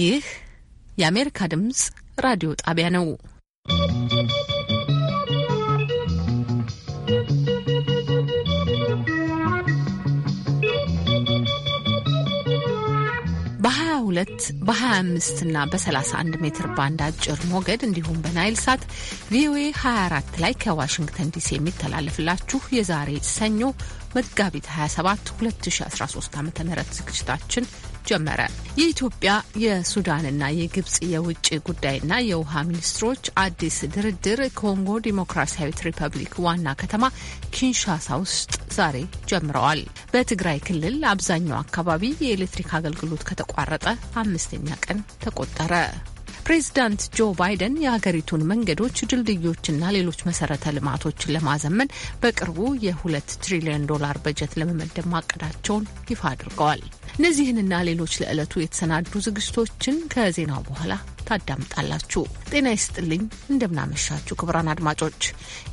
ይህ የአሜሪካ ድምጽ ራዲዮ ጣቢያ ነው። በ22 በ25 እና በ31 ሜትር ባንድ አጭር ሞገድ እንዲሁም በናይል ሳት ቪኦኤ 24 ላይ ከዋሽንግተን ዲሲ የሚተላለፍላችሁ የዛሬ ሰኞ መጋቢት 27 2013 ዓ ም ዝግጅታችን ጀመረ። የኢትዮጵያ የሱዳንና የግብጽ የውጭ ጉዳይና የውሃ ሚኒስትሮች አዲስ ድርድር ኮንጎ ዲሞክራሲያዊት ሪፐብሊክ ዋና ከተማ ኪንሻሳ ውስጥ ዛሬ ጀምረዋል። በትግራይ ክልል አብዛኛው አካባቢ የኤሌክትሪክ አገልግሎት ከተቋረጠ አምስተኛ ቀን ተቆጠረ። ፕሬዚዳንት ጆ ባይደን የሀገሪቱን መንገዶች፣ ድልድዮችና ሌሎች መሰረተ ልማቶችን ለማዘመን በቅርቡ የሁለት ትሪሊዮን ዶላር በጀት ለመመደብ ማቀዳቸውን ይፋ አድርገዋል። እነዚህንና ሌሎች ለዕለቱ የተሰናዱ ዝግጅቶችን ከዜናው በኋላ ታዳምጣላችሁ። ጤና ይስጥልኝ፣ እንደምናመሻችሁ ክቡራን አድማጮች።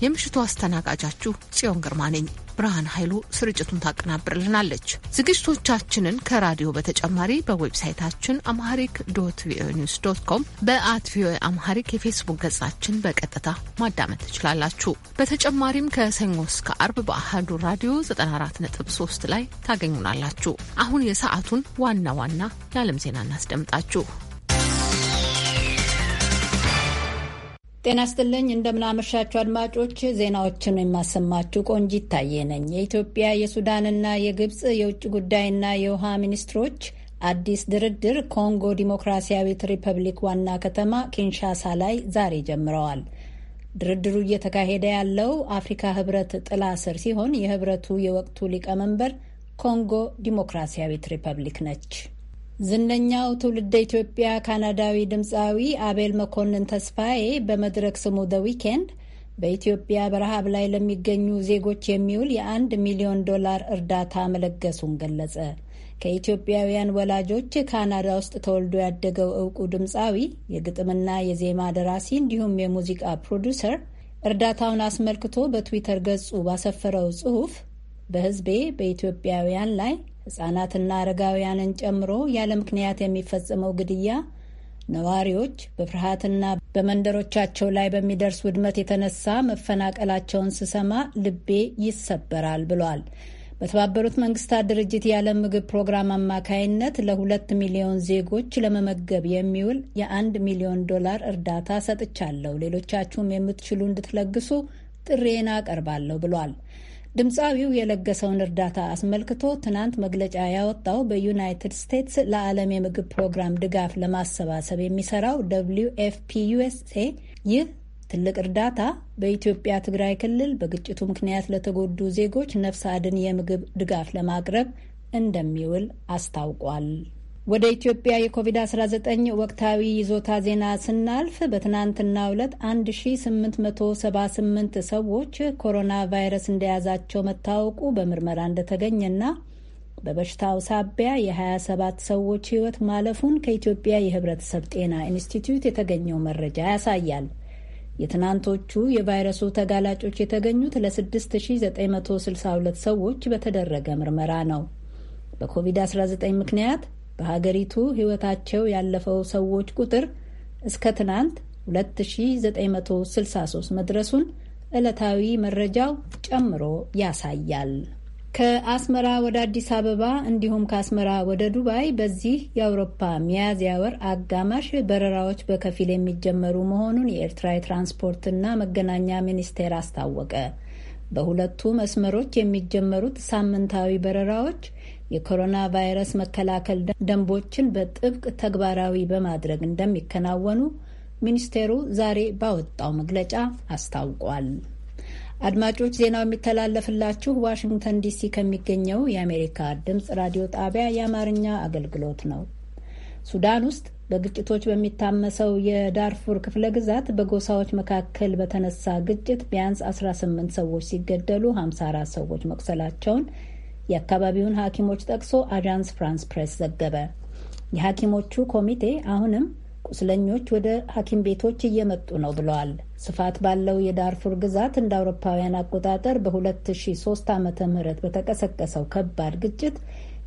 የምሽቱ አስተናጋጃችሁ ጽዮን ግርማ ነኝ። ብርሃን ኃይሉ ስርጭቱን ታቀናብርልናለች። ዝግጅቶቻችንን ከራዲዮ በተጨማሪ በዌብሳይታችን አምሃሪክ ዶት ቪኦኤ ኒውስ ዶት ኮም፣ በአት ቪኦኤ አምሃሪክ የፌስቡክ ገጻችን በቀጥታ ማዳመጥ ትችላላችሁ። በተጨማሪም ከሰኞ እስከ አርብ በአህዱ ራዲዮ 94.3 ላይ ታገኙናላችሁ። አሁን የሰ የሰዓቱን ዋና ዋና የዓለም ዜና እናስደምጣችሁ። ጤና ይስጥልኝ እንደምናመሻችሁ አድማጮች፣ ዜናዎችን የማሰማችሁ ቆንጂ ይታየ ነኝ። የኢትዮጵያ የሱዳንና የግብፅ የውጭ ጉዳይና የውሃ ሚኒስትሮች አዲስ ድርድር ኮንጎ ዲሞክራሲያዊት ሪፐብሊክ ዋና ከተማ ኪንሻሳ ላይ ዛሬ ጀምረዋል። ድርድሩ እየተካሄደ ያለው አፍሪካ ህብረት ጥላ ስር ሲሆን የህብረቱ የወቅቱ ሊቀመንበር ኮንጎ ዲሞክራሲያዊት ሪፐብሊክ ነች። ዝነኛው ትውልደ ኢትዮጵያ ካናዳዊ ድምፃዊ አቤል መኮንን ተስፋዬ በመድረክ ስሙ ደ ዊኬንድ በኢትዮጵያ በረሃብ ላይ ለሚገኙ ዜጎች የሚውል የአንድ ሚሊዮን ዶላር እርዳታ መለገሱን ገለጸ። ከኢትዮጵያውያን ወላጆች ካናዳ ውስጥ ተወልዶ ያደገው እውቁ ድምፃዊ የግጥምና የዜማ ደራሲ እንዲሁም የሙዚቃ ፕሮዲውሰር እርዳታውን አስመልክቶ በትዊተር ገጹ ባሰፈረው ጽሑፍ በህዝቤ በኢትዮጵያውያን ላይ ሕፃናትና አረጋውያንን ጨምሮ ያለ ምክንያት የሚፈጸመው ግድያ ነዋሪዎች በፍርሃትና በመንደሮቻቸው ላይ በሚደርስ ውድመት የተነሳ መፈናቀላቸውን ስሰማ ልቤ ይሰበራል ብሏል። በተባበሩት መንግስታት ድርጅት የዓለም ምግብ ፕሮግራም አማካይነት ለሁለት ሚሊዮን ዜጎች ለመመገብ የሚውል የአንድ ሚሊዮን ዶላር እርዳታ ሰጥቻለሁ። ሌሎቻችሁም የምትችሉ እንድትለግሱ ጥሬን አቀርባለሁ ብሏል። ድምፃዊው የለገሰውን እርዳታ አስመልክቶ ትናንት መግለጫ ያወጣው በዩናይትድ ስቴትስ ለዓለም የምግብ ፕሮግራም ድጋፍ ለማሰባሰብ የሚሰራው ደብሊው ኤፍ ፒ ይህ ትልቅ እርዳታ በኢትዮጵያ ትግራይ ክልል በግጭቱ ምክንያት ለተጎዱ ዜጎች ነፍስ አድን የምግብ ድጋፍ ለማቅረብ እንደሚውል አስታውቋል። ወደ ኢትዮጵያ የኮቪድ-19 ወቅታዊ ይዞታ ዜና ስናልፍ በትናንትና ዕለት 1878 ሰዎች ኮሮና ቫይረስ እንደያዛቸው መታወቁ በምርመራ እንደተገኘና በበሽታው ሳቢያ የ27 ሰዎች ሕይወት ማለፉን ከኢትዮጵያ የሕብረተሰብ ጤና ኢንስቲትዩት የተገኘው መረጃ ያሳያል። የትናንቶቹ የቫይረሱ ተጋላጮች የተገኙት ለ6962 ሰዎች በተደረገ ምርመራ ነው። በኮቪድ-19 ምክንያት በሀገሪቱ ሕይወታቸው ያለፈው ሰዎች ቁጥር እስከ ትናንት 2963 መድረሱን ዕለታዊ መረጃው ጨምሮ ያሳያል። ከአስመራ ወደ አዲስ አበባ እንዲሁም ከአስመራ ወደ ዱባይ በዚህ የአውሮፓ ሚያዝያ ወር አጋማሽ በረራዎች በከፊል የሚጀመሩ መሆኑን የኤርትራ የትራንስፖርትና መገናኛ ሚኒስቴር አስታወቀ። በሁለቱ መስመሮች የሚጀመሩት ሳምንታዊ በረራዎች የኮሮና ቫይረስ መከላከል ደንቦችን በጥብቅ ተግባራዊ በማድረግ እንደሚከናወኑ ሚኒስቴሩ ዛሬ ባወጣው መግለጫ አስታውቋል። አድማጮች ዜናው የሚተላለፍላችሁ ዋሽንግተን ዲሲ ከሚገኘው የአሜሪካ ድምፅ ራዲዮ ጣቢያ የአማርኛ አገልግሎት ነው። ሱዳን ውስጥ በግጭቶች በሚታመሰው የዳርፉር ክፍለ ግዛት በጎሳዎች መካከል በተነሳ ግጭት ቢያንስ 18 ሰዎች ሲገደሉ 54 ሰዎች መቁሰላቸውን የአካባቢውን ሐኪሞች ጠቅሶ አጃንስ ፍራንስ ፕሬስ ዘገበ። የሐኪሞቹ ኮሚቴ አሁንም ቁስለኞች ወደ ሐኪም ቤቶች እየመጡ ነው ብለዋል። ስፋት ባለው የዳርፉር ግዛት እንደ አውሮፓውያን አቆጣጠር በ2003 ዓ ም በተቀሰቀሰው ከባድ ግጭት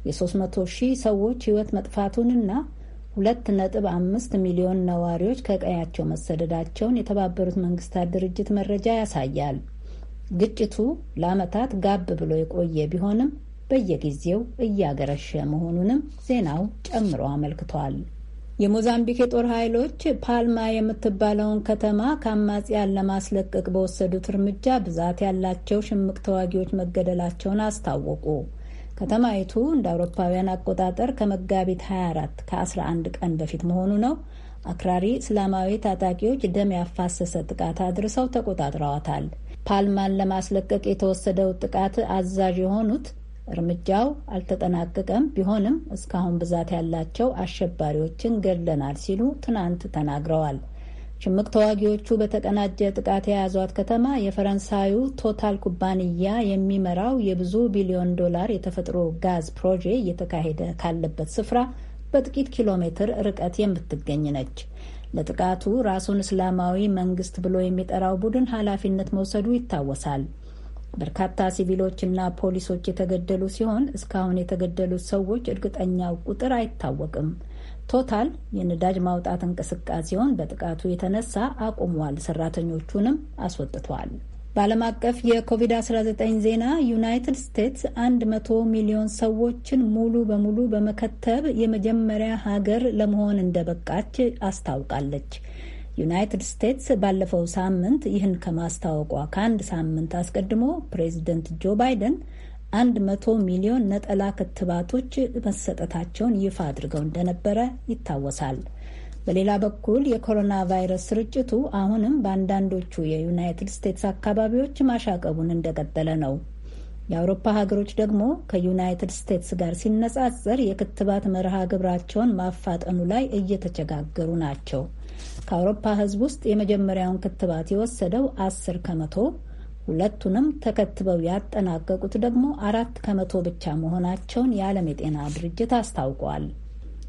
የ300 ሺህ ሰዎች ሕይወት መጥፋቱንና 2.5 ሚሊዮን ነዋሪዎች ከቀያቸው መሰደዳቸውን የተባበሩት መንግስታት ድርጅት መረጃ ያሳያል። ግጭቱ ለዓመታት ጋብ ብሎ የቆየ ቢሆንም በየጊዜው እያገረሸ መሆኑንም ዜናው ጨምሮ አመልክቷል። የሞዛምቢክ የጦር ኃይሎች ፓልማ የምትባለውን ከተማ ከአማጽያን ለማስለቀቅ በወሰዱት እርምጃ ብዛት ያላቸው ሽምቅ ተዋጊዎች መገደላቸውን አስታወቁ። ከተማይቱ እንደ አውሮፓውያን አቆጣጠር ከመጋቢት 24 ከ11 ቀን በፊት መሆኑ ነው። አክራሪ እስላማዊ ታጣቂዎች ደም ያፋሰሰ ጥቃት አድርሰው ተቆጣጥረዋታል። ፓልማን ለማስለቀቅ የተወሰደው ጥቃት አዛዥ የሆኑት እርምጃው አልተጠናቀቀም፣ ቢሆንም እስካሁን ብዛት ያላቸው አሸባሪዎችን ገድለናል ሲሉ ትናንት ተናግረዋል። ሽምቅ ተዋጊዎቹ በተቀናጀ ጥቃት የያዟት ከተማ የፈረንሳዩ ቶታል ኩባንያ የሚመራው የብዙ ቢሊዮን ዶላር የተፈጥሮ ጋዝ ፕሮጄ እየተካሄደ ካለበት ስፍራ በጥቂት ኪሎ ሜትር ርቀት የምትገኝ ነች። ለጥቃቱ ራሱን እስላማዊ መንግስት ብሎ የሚጠራው ቡድን ኃላፊነት መውሰዱ ይታወሳል። በርካታ ሲቪሎችና ፖሊሶች የተገደሉ ሲሆን እስካሁን የተገደሉት ሰዎች እርግጠኛው ቁጥር አይታወቅም። ቶታል የነዳጅ ማውጣት እንቅስቃሴውን በጥቃቱ የተነሳ አቁሟል፣ ሰራተኞቹንም አስወጥቷል። በዓለም አቀፍ የኮቪድ-19 ዜና ዩናይትድ ስቴትስ 100 ሚሊዮን ሰዎችን ሙሉ በሙሉ በመከተብ የመጀመሪያ ሀገር ለመሆን እንደበቃች አስታውቃለች። ዩናይትድ ስቴትስ ባለፈው ሳምንት ይህን ከማስታወቋ ከአንድ ሳምንት አስቀድሞ ፕሬዚደንት ጆ ባይደን አንድ መቶ ሚሊዮን ነጠላ ክትባቶች መሰጠታቸውን ይፋ አድርገው እንደነበረ ይታወሳል። በሌላ በኩል የኮሮና ቫይረስ ስርጭቱ አሁንም በአንዳንዶቹ የዩናይትድ ስቴትስ አካባቢዎች ማሻቀቡን እንደቀጠለ ነው። የአውሮፓ ሀገሮች ደግሞ ከዩናይትድ ስቴትስ ጋር ሲነጻጸር የክትባት መርሃ ግብራቸውን ማፋጠኑ ላይ እየተቸጋገሩ ናቸው። ከአውሮፓ ህዝብ ውስጥ የመጀመሪያውን ክትባት የወሰደው አስር ከመቶ ሁለቱንም ተከትበው ያጠናቀቁት ደግሞ አራት ከመቶ ብቻ መሆናቸውን የዓለም የጤና ድርጅት አስታውቋል።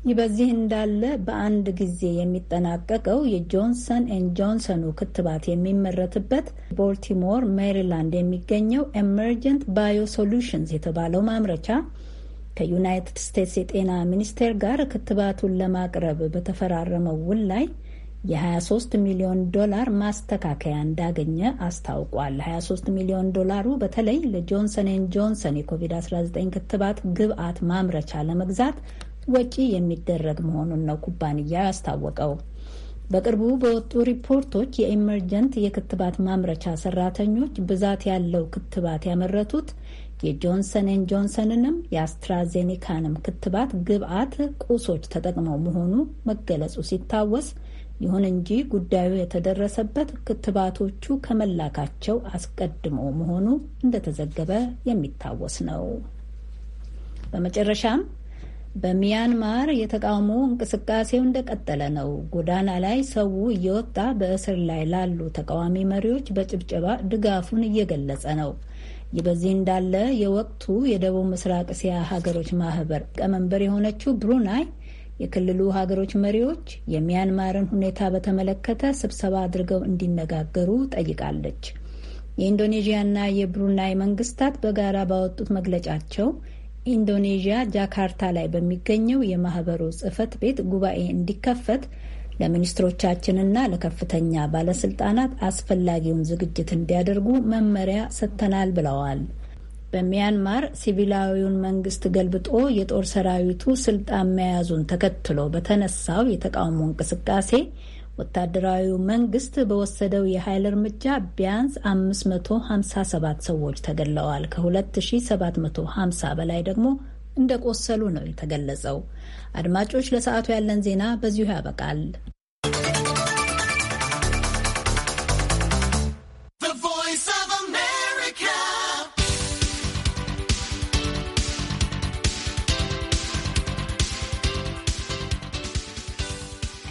ይህ በዚህ እንዳለ በአንድ ጊዜ የሚጠናቀቀው የጆንሰን ኤን ጆንሰኑ ክትባት የሚመረትበት ቦልቲሞር ሜሪላንድ የሚገኘው ኤመርጀንት ባዮ ሶሉሽንስ የተባለው ማምረቻ ከዩናይትድ ስቴትስ የጤና ሚኒስቴር ጋር ክትባቱን ለማቅረብ በተፈራረመው ውል ላይ የ23 ሚሊዮን ዶላር ማስተካከያ እንዳገኘ አስታውቋል። 23 ሚሊዮን ዶላሩ በተለይ ለጆንሰን ኤን ጆንሰን የኮቪድ-19 ክትባት ግብአት ማምረቻ ለመግዛት ወጪ የሚደረግ መሆኑን ነው ኩባንያው ያስታወቀው። በቅርቡ በወጡ ሪፖርቶች የኢመርጀንት የክትባት ማምረቻ ሰራተኞች ብዛት ያለው ክትባት ያመረቱት የጆንሰን ን ጆንሰንንም የአስትራዜኒካንም ክትባት ግብአት ቁሶች ተጠቅመው መሆኑ መገለጹ ሲታወስ ይሁን እንጂ ጉዳዩ የተደረሰበት ክትባቶቹ ከመላካቸው አስቀድሞ መሆኑ እንደተዘገበ የሚታወስ ነው። በመጨረሻም በሚያንማር የተቃውሞ እንቅስቃሴው እንደቀጠለ ነው። ጎዳና ላይ ሰው እየወጣ በእስር ላይ ላሉ ተቃዋሚ መሪዎች በጭብጨባ ድጋፉን እየገለጸ ነው። ይህ በዚህ እንዳለ የወቅቱ የደቡብ ምስራቅ እስያ ሀገሮች ማህበር ቀመንበር የሆነችው ብሩናይ የክልሉ ሀገሮች መሪዎች የሚያንማርን ሁኔታ በተመለከተ ስብሰባ አድርገው እንዲነጋገሩ ጠይቃለች። የኢንዶኔዥያና የብሩናይ መንግስታት በጋራ ባወጡት መግለጫቸው ኢንዶኔዥያ ጃካርታ ላይ በሚገኘው የማህበሩ ጽህፈት ቤት ጉባኤ እንዲከፈት ለሚኒስትሮቻችንና ለከፍተኛ ባለስልጣናት አስፈላጊውን ዝግጅት እንዲያደርጉ መመሪያ ሰጥተናል ብለዋል። በሚያንማር ሲቪላዊውን መንግስት ገልብጦ የጦር ሰራዊቱ ስልጣን መያዙን ተከትሎ በተነሳው የተቃውሞ እንቅስቃሴ ወታደራዊው መንግስት በወሰደው የኃይል እርምጃ ቢያንስ 557 ሰዎች ተገድለዋል። ከ2750 በላይ ደግሞ እንደቆሰሉ ነው የተገለጸው። አድማጮች፣ ለሰዓቱ ያለን ዜና በዚሁ ያበቃል።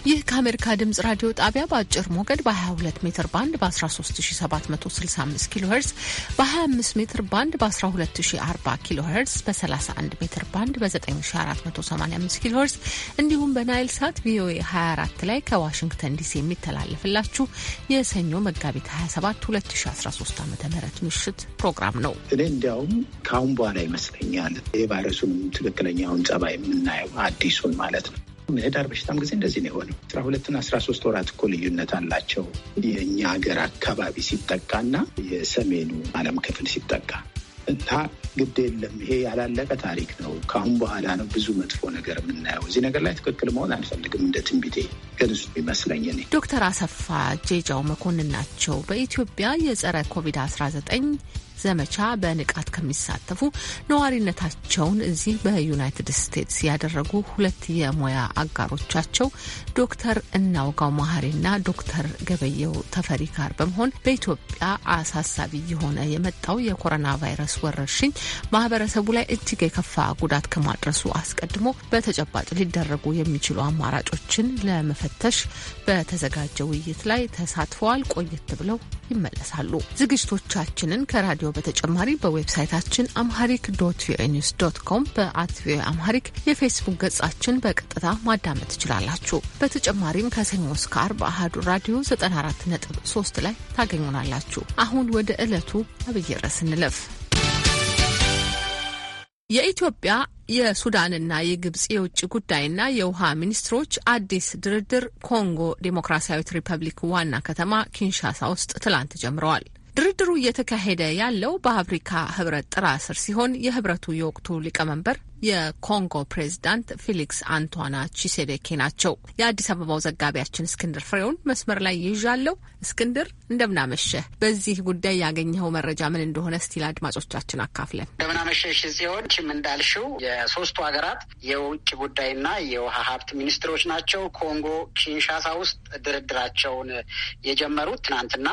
ይህ ከአሜሪካ ድምጽ ራዲዮ ጣቢያ በአጭር ሞገድ በ22 ሜትር ባንድ በ13765 ኪሎ ሄርዝ በ25 ሜትር ባንድ በ1240 ኪሎ ሄርዝ በ31 ሜትር ባንድ በ9485 ኪሎ ሄርዝ እንዲሁም በናይል ሳት ቪኦኤ 24 ላይ ከዋሽንግተን ዲሲ የሚተላለፍላችሁ የሰኞ መጋቢት 27 2013 ዓ ም ምሽት ፕሮግራም ነው። እኔ እንዲያውም ከአሁን በኋላ ይመስለኛል የቫይረሱንም ትክክለኛውን ጸባይ የምናየው አዲሱን ማለት ነው ምህዳር በሽታም ጊዜ እንደዚህ ነው የሆነው። አስራ ሁለትና አስራ ሶስት ወራት እኮ ልዩነት አላቸው የእኛ ሀገር አካባቢ ሲጠቃና የሰሜኑ ዓለም ክፍል ሲጠቃ እና ግድ የለም ይሄ ያላለቀ ታሪክ ነው። ከአሁን በኋላ ነው ብዙ መጥፎ ነገር የምናየው። እዚህ ነገር ላይ ትክክል መሆን አልፈልግም እንደ ትንቢቴ ግን እሱ ይመስለኝ እኔ። ዶክተር አሰፋ ጄጃው መኮንን ናቸው በኢትዮጵያ የጸረ ኮቪድ-19 ዘመቻ በንቃት ከሚሳተፉ ነዋሪነታቸውን እዚህ በዩናይትድ ስቴትስ ያደረጉ ሁለት የሙያ አጋሮቻቸው ዶክተር እናውጋው መሀሪና ዶክተር ገበየው ተፈሪ ጋር በመሆን በኢትዮጵያ አሳሳቢ የሆነ የመጣው የኮሮና ቫይረስ ወረርሽኝ ማህበረሰቡ ላይ እጅግ የከፋ ጉዳት ከማድረሱ አስቀድሞ በተጨባጭ ሊደረጉ የሚችሉ አማራጮችን ለመፈተሽ በተዘጋጀ ውይይት ላይ ተሳትፈዋል። ቆየት ብለው ይመለሳሉ። ዝግጅቶቻችንን ከራዲዮ ሬዲዮ በተጨማሪ በዌብሳይታችን አምሃሪክ ዶት ቪኦኤ ኒውስ ዶት ኮም በአት ቪኦኤ አምሃሪክ የፌስቡክ ገጻችን በቀጥታ ማዳመጥ ትችላላችሁ። በተጨማሪም ከሰኞ እስከ አርብ አህዱ ራዲዮ 94.3 ላይ ታገኙናላችሁ። አሁን ወደ ዕለቱ አብይ ርዕስ እንለፍ። የኢትዮጵያ የሱዳንና የግብጽ የውጭ ጉዳይና የውሃ ሚኒስትሮች አዲስ ድርድር ኮንጎ ዴሞክራሲያዊት ሪፐብሊክ ዋና ከተማ ኪንሻሳ ውስጥ ትላንት ጀምረዋል። ድርድሩ እየተካሄደ ያለው በአፍሪካ ህብረት ጥራ ስር ሲሆን የህብረቱ የወቅቱ ሊቀመንበር የኮንጎ ፕሬዝዳንት ፊሊክስ አንቷና ቺሴዴኬ ናቸው። የአዲስ አበባው ዘጋቢያችን እስክንድር ፍሬውን መስመር ላይ ይዣለሁ። እስክንድር እንደምናመሸህ። በዚህ ጉዳይ ያገኘኸው መረጃ ምን እንደሆነ ስቲል አድማጮቻችን አካፍለን። እንደምናመሸሽ ሲሆን ችም እንዳልሽው የሶስቱ ሀገራት የውጭ ጉዳይና የውሃ ሀብት ሚኒስትሮች ናቸው ኮንጎ ኪንሻሳ ውስጥ ድርድራቸውን የጀመሩት ትናንትና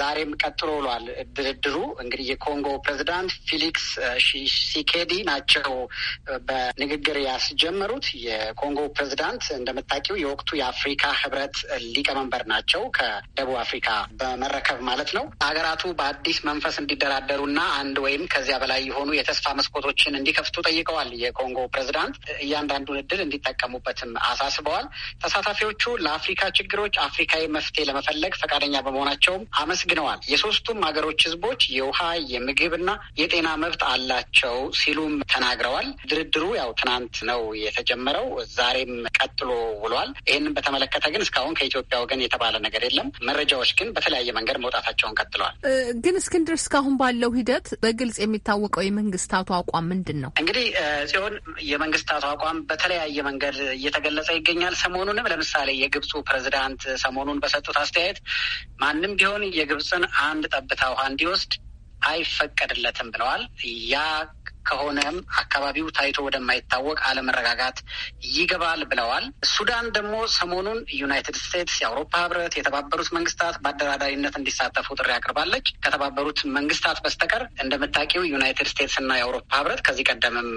ዛሬም ቀጥሎ ውሏል። ድርድሩ እንግዲህ የኮንጎ ፕሬዝዳንት ፊሊክስ ሺሴኬዲ ናቸው በንግግር ያስጀመሩት። የኮንጎ ፕሬዚዳንት እንደምታውቂው የወቅቱ የአፍሪካ ህብረት ሊቀመንበር ናቸው። ከደቡብ አፍሪካ በመረከብ ማለት ነው። ሀገራቱ በአዲስ መንፈስ እንዲደራደሩ ና አንድ ወይም ከዚያ በላይ የሆኑ የተስፋ መስኮቶችን እንዲከፍቱ ጠይቀዋል። የኮንጎ ፕሬዚዳንት እያንዳንዱን እድል እንዲጠቀሙበትም አሳስበዋል። ተሳታፊዎቹ ለአፍሪካ ችግሮች አፍሪካዊ መፍትሄ ለመፈለግ ፈቃደኛ በመሆናቸውም አመስግነዋል። የሶስቱም ሀገሮች ህዝቦች የውሃ የምግብና የጤና መብት አላቸው ሲሉም ተናግረዋል። ድርድሩ ያው ትናንት ነው የተጀመረው፣ ዛሬም ቀጥሎ ውሏል። ይህንን በተመለከተ ግን እስካሁን ከኢትዮጵያ ወገን የተባለ ነገር የለም። መረጃዎች ግን በተለያየ መንገድ መውጣታቸውን ቀጥለዋል። ግን እስክንድር፣ እስካሁን ባለው ሂደት በግልጽ የሚታወቀው የመንግስታቱ አቋም ምንድን ነው? እንግዲህ የመንግስት የመንግስታቱ አቋም በተለያየ መንገድ እየተገለጸ ይገኛል። ሰሞኑንም ለምሳሌ የግብፁ ፕሬዚዳንት ሰሞኑን በሰጡት አስተያየት ማንም ቢሆን የግብፅን አንድ ጠብታ ውሃ እንዲወስድ አይፈቀድለትም ብለዋል። ያ ከሆነም አካባቢው ታይቶ ወደማይታወቅ አለመረጋጋት ይገባል ብለዋል። ሱዳን ደግሞ ሰሞኑን ዩናይትድ ስቴትስ፣ የአውሮፓ ህብረት፣ የተባበሩት መንግስታት በአደራዳሪነት እንዲሳተፉ ጥሪ አቅርባለች። ከተባበሩት መንግስታት በስተቀር እንደምታውቂው ዩናይትድ ስቴትስ እና የአውሮፓ ህብረት ከዚህ ቀደምም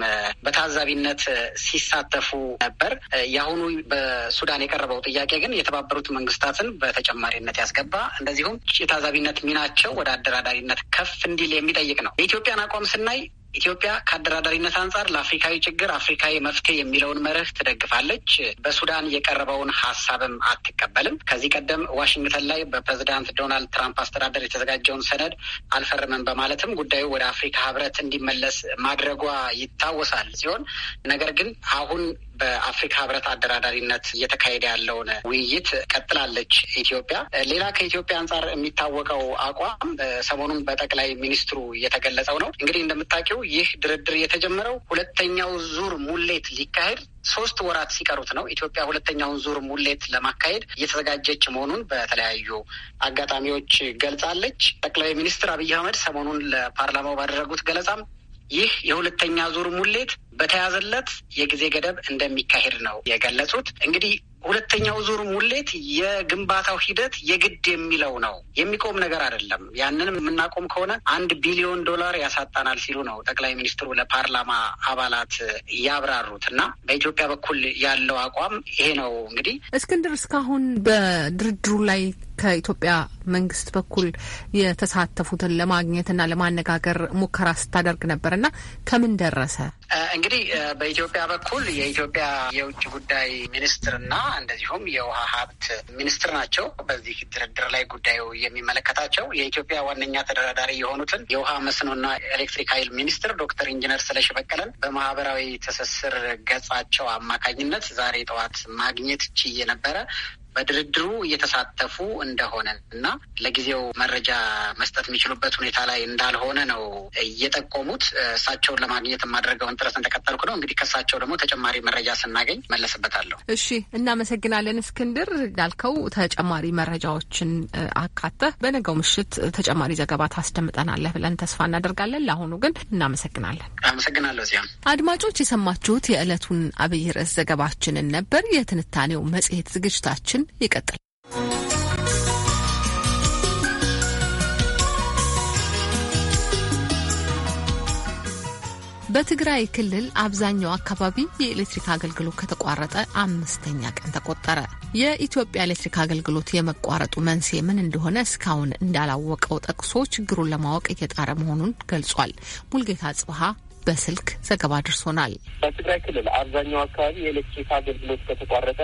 በታዛቢነት ሲሳተፉ ነበር። የአሁኑ በሱዳን የቀረበው ጥያቄ ግን የተባበሩት መንግስታትን በተጨማሪነት ያስገባ እንደዚሁም የታዛቢነት ሚናቸው ወደ አደራዳሪነት ከፍ እንዲል የሚጠይቅ ነው። የኢትዮጵያን አቋም ስናይ ኢትዮጵያ ከአደራዳሪነት አንጻር ለአፍሪካዊ ችግር አፍሪካዊ መፍትሄ የሚለውን መርህ ትደግፋለች። በሱዳን የቀረበውን ሀሳብም አትቀበልም። ከዚህ ቀደም ዋሽንግተን ላይ በፕሬዚዳንት ዶናልድ ትራምፕ አስተዳደር የተዘጋጀውን ሰነድ አልፈርምም በማለትም ጉዳዩ ወደ አፍሪካ ህብረት እንዲመለስ ማድረጓ ይታወሳል ሲሆን ነገር ግን አሁን በአፍሪካ ህብረት አደራዳሪነት እየተካሄደ ያለውን ውይይት ቀጥላለች ኢትዮጵያ። ሌላ ከኢትዮጵያ አንጻር የሚታወቀው አቋም ሰሞኑን በጠቅላይ ሚኒስትሩ እየተገለጸው ነው። እንግዲህ እንደምታውቂው ይህ ድርድር የተጀመረው ሁለተኛው ዙር ሙሌት ሊካሄድ ሶስት ወራት ሲቀሩት ነው። ኢትዮጵያ ሁለተኛውን ዙር ሙሌት ለማካሄድ እየተዘጋጀች መሆኑን በተለያዩ አጋጣሚዎች ገልጻለች። ጠቅላይ ሚኒስትር አብይ አህመድ ሰሞኑን ለፓርላማው ባደረጉት ገለጻም ይህ የሁለተኛ ዙር ሙሌት በተያዘለት የጊዜ ገደብ እንደሚካሄድ ነው የገለጹት። እንግዲህ ሁለተኛው ዙር ሙሌት የግንባታው ሂደት የግድ የሚለው ነው፣ የሚቆም ነገር አይደለም። ያንንም የምናቆም ከሆነ አንድ ቢሊዮን ዶላር ያሳጣናል ሲሉ ነው ጠቅላይ ሚኒስትሩ ለፓርላማ አባላት ያብራሩት። እና በኢትዮጵያ በኩል ያለው አቋም ይሄ ነው። እንግዲህ እስክንድር እስካሁን በድርድሩ ላይ ከኢትዮጵያ መንግስት በኩል የተሳተፉትን ለማግኘትና ለማነጋገር ሙከራ ስታደርግ ነበር ና ከምን ደረሰ? እንግዲህ በኢትዮጵያ በኩል የኢትዮጵያ የውጭ ጉዳይ ሚኒስትርና እንደዚሁም የውሃ ሀብት ሚኒስትር ናቸው በዚህ ድርድር ላይ ጉዳዩ የሚመለከታቸው። የኢትዮጵያ ዋነኛ ተደራዳሪ የሆኑትን የውሃ መስኖና ኤሌክትሪክ ኃይል ሚኒስትር ዶክተር ኢንጂነር ስለሺ በቀለን በማህበራዊ ትስስር ገጻቸው አማካኝነት ዛሬ ጠዋት ማግኘት ችዬ ነበረ። በድርድሩ እየተሳተፉ እንደሆነ እና ለጊዜው መረጃ መስጠት የሚችሉበት ሁኔታ ላይ እንዳልሆነ ነው እየጠቆሙት። እሳቸውን ለማግኘት የማድረገውን ጥረት እንደቀጠልኩ ነው። እንግዲህ ከእሳቸው ደግሞ ተጨማሪ መረጃ ስናገኝ መለስበታለሁ። እሺ፣ እናመሰግናለን እስክንድር። እንዳልከው ተጨማሪ መረጃዎችን አካተህ በነገው ምሽት ተጨማሪ ዘገባ ታስደምጠናለህ ብለን ተስፋ እናደርጋለን። ለአሁኑ ግን እናመሰግናለን። አመሰግናለሁ። እዚያም አድማጮች የሰማችሁት የዕለቱን አብይ ርዕስ ዘገባችንን ነበር። የትንታኔው መጽሔት ዝግጅታችን ግን ይቀጥላል። በትግራይ ክልል አብዛኛው አካባቢ የኤሌክትሪክ አገልግሎት ከተቋረጠ አምስተኛ ቀን ተቆጠረ። የኢትዮጵያ ኤሌክትሪክ አገልግሎት የመቋረጡ መንስኤ ምን እንደሆነ እስካሁን እንዳላወቀው ጠቅሶ ችግሩን ለማወቅ እየጣረ መሆኑን ገልጿል። ሙልጌታ ጽብሃ በስልክ ዘገባ ደርሶናል። በትግራይ ክልል አብዛኛው አካባቢ የኤሌክትሪክ አገልግሎት ከተቋረጠ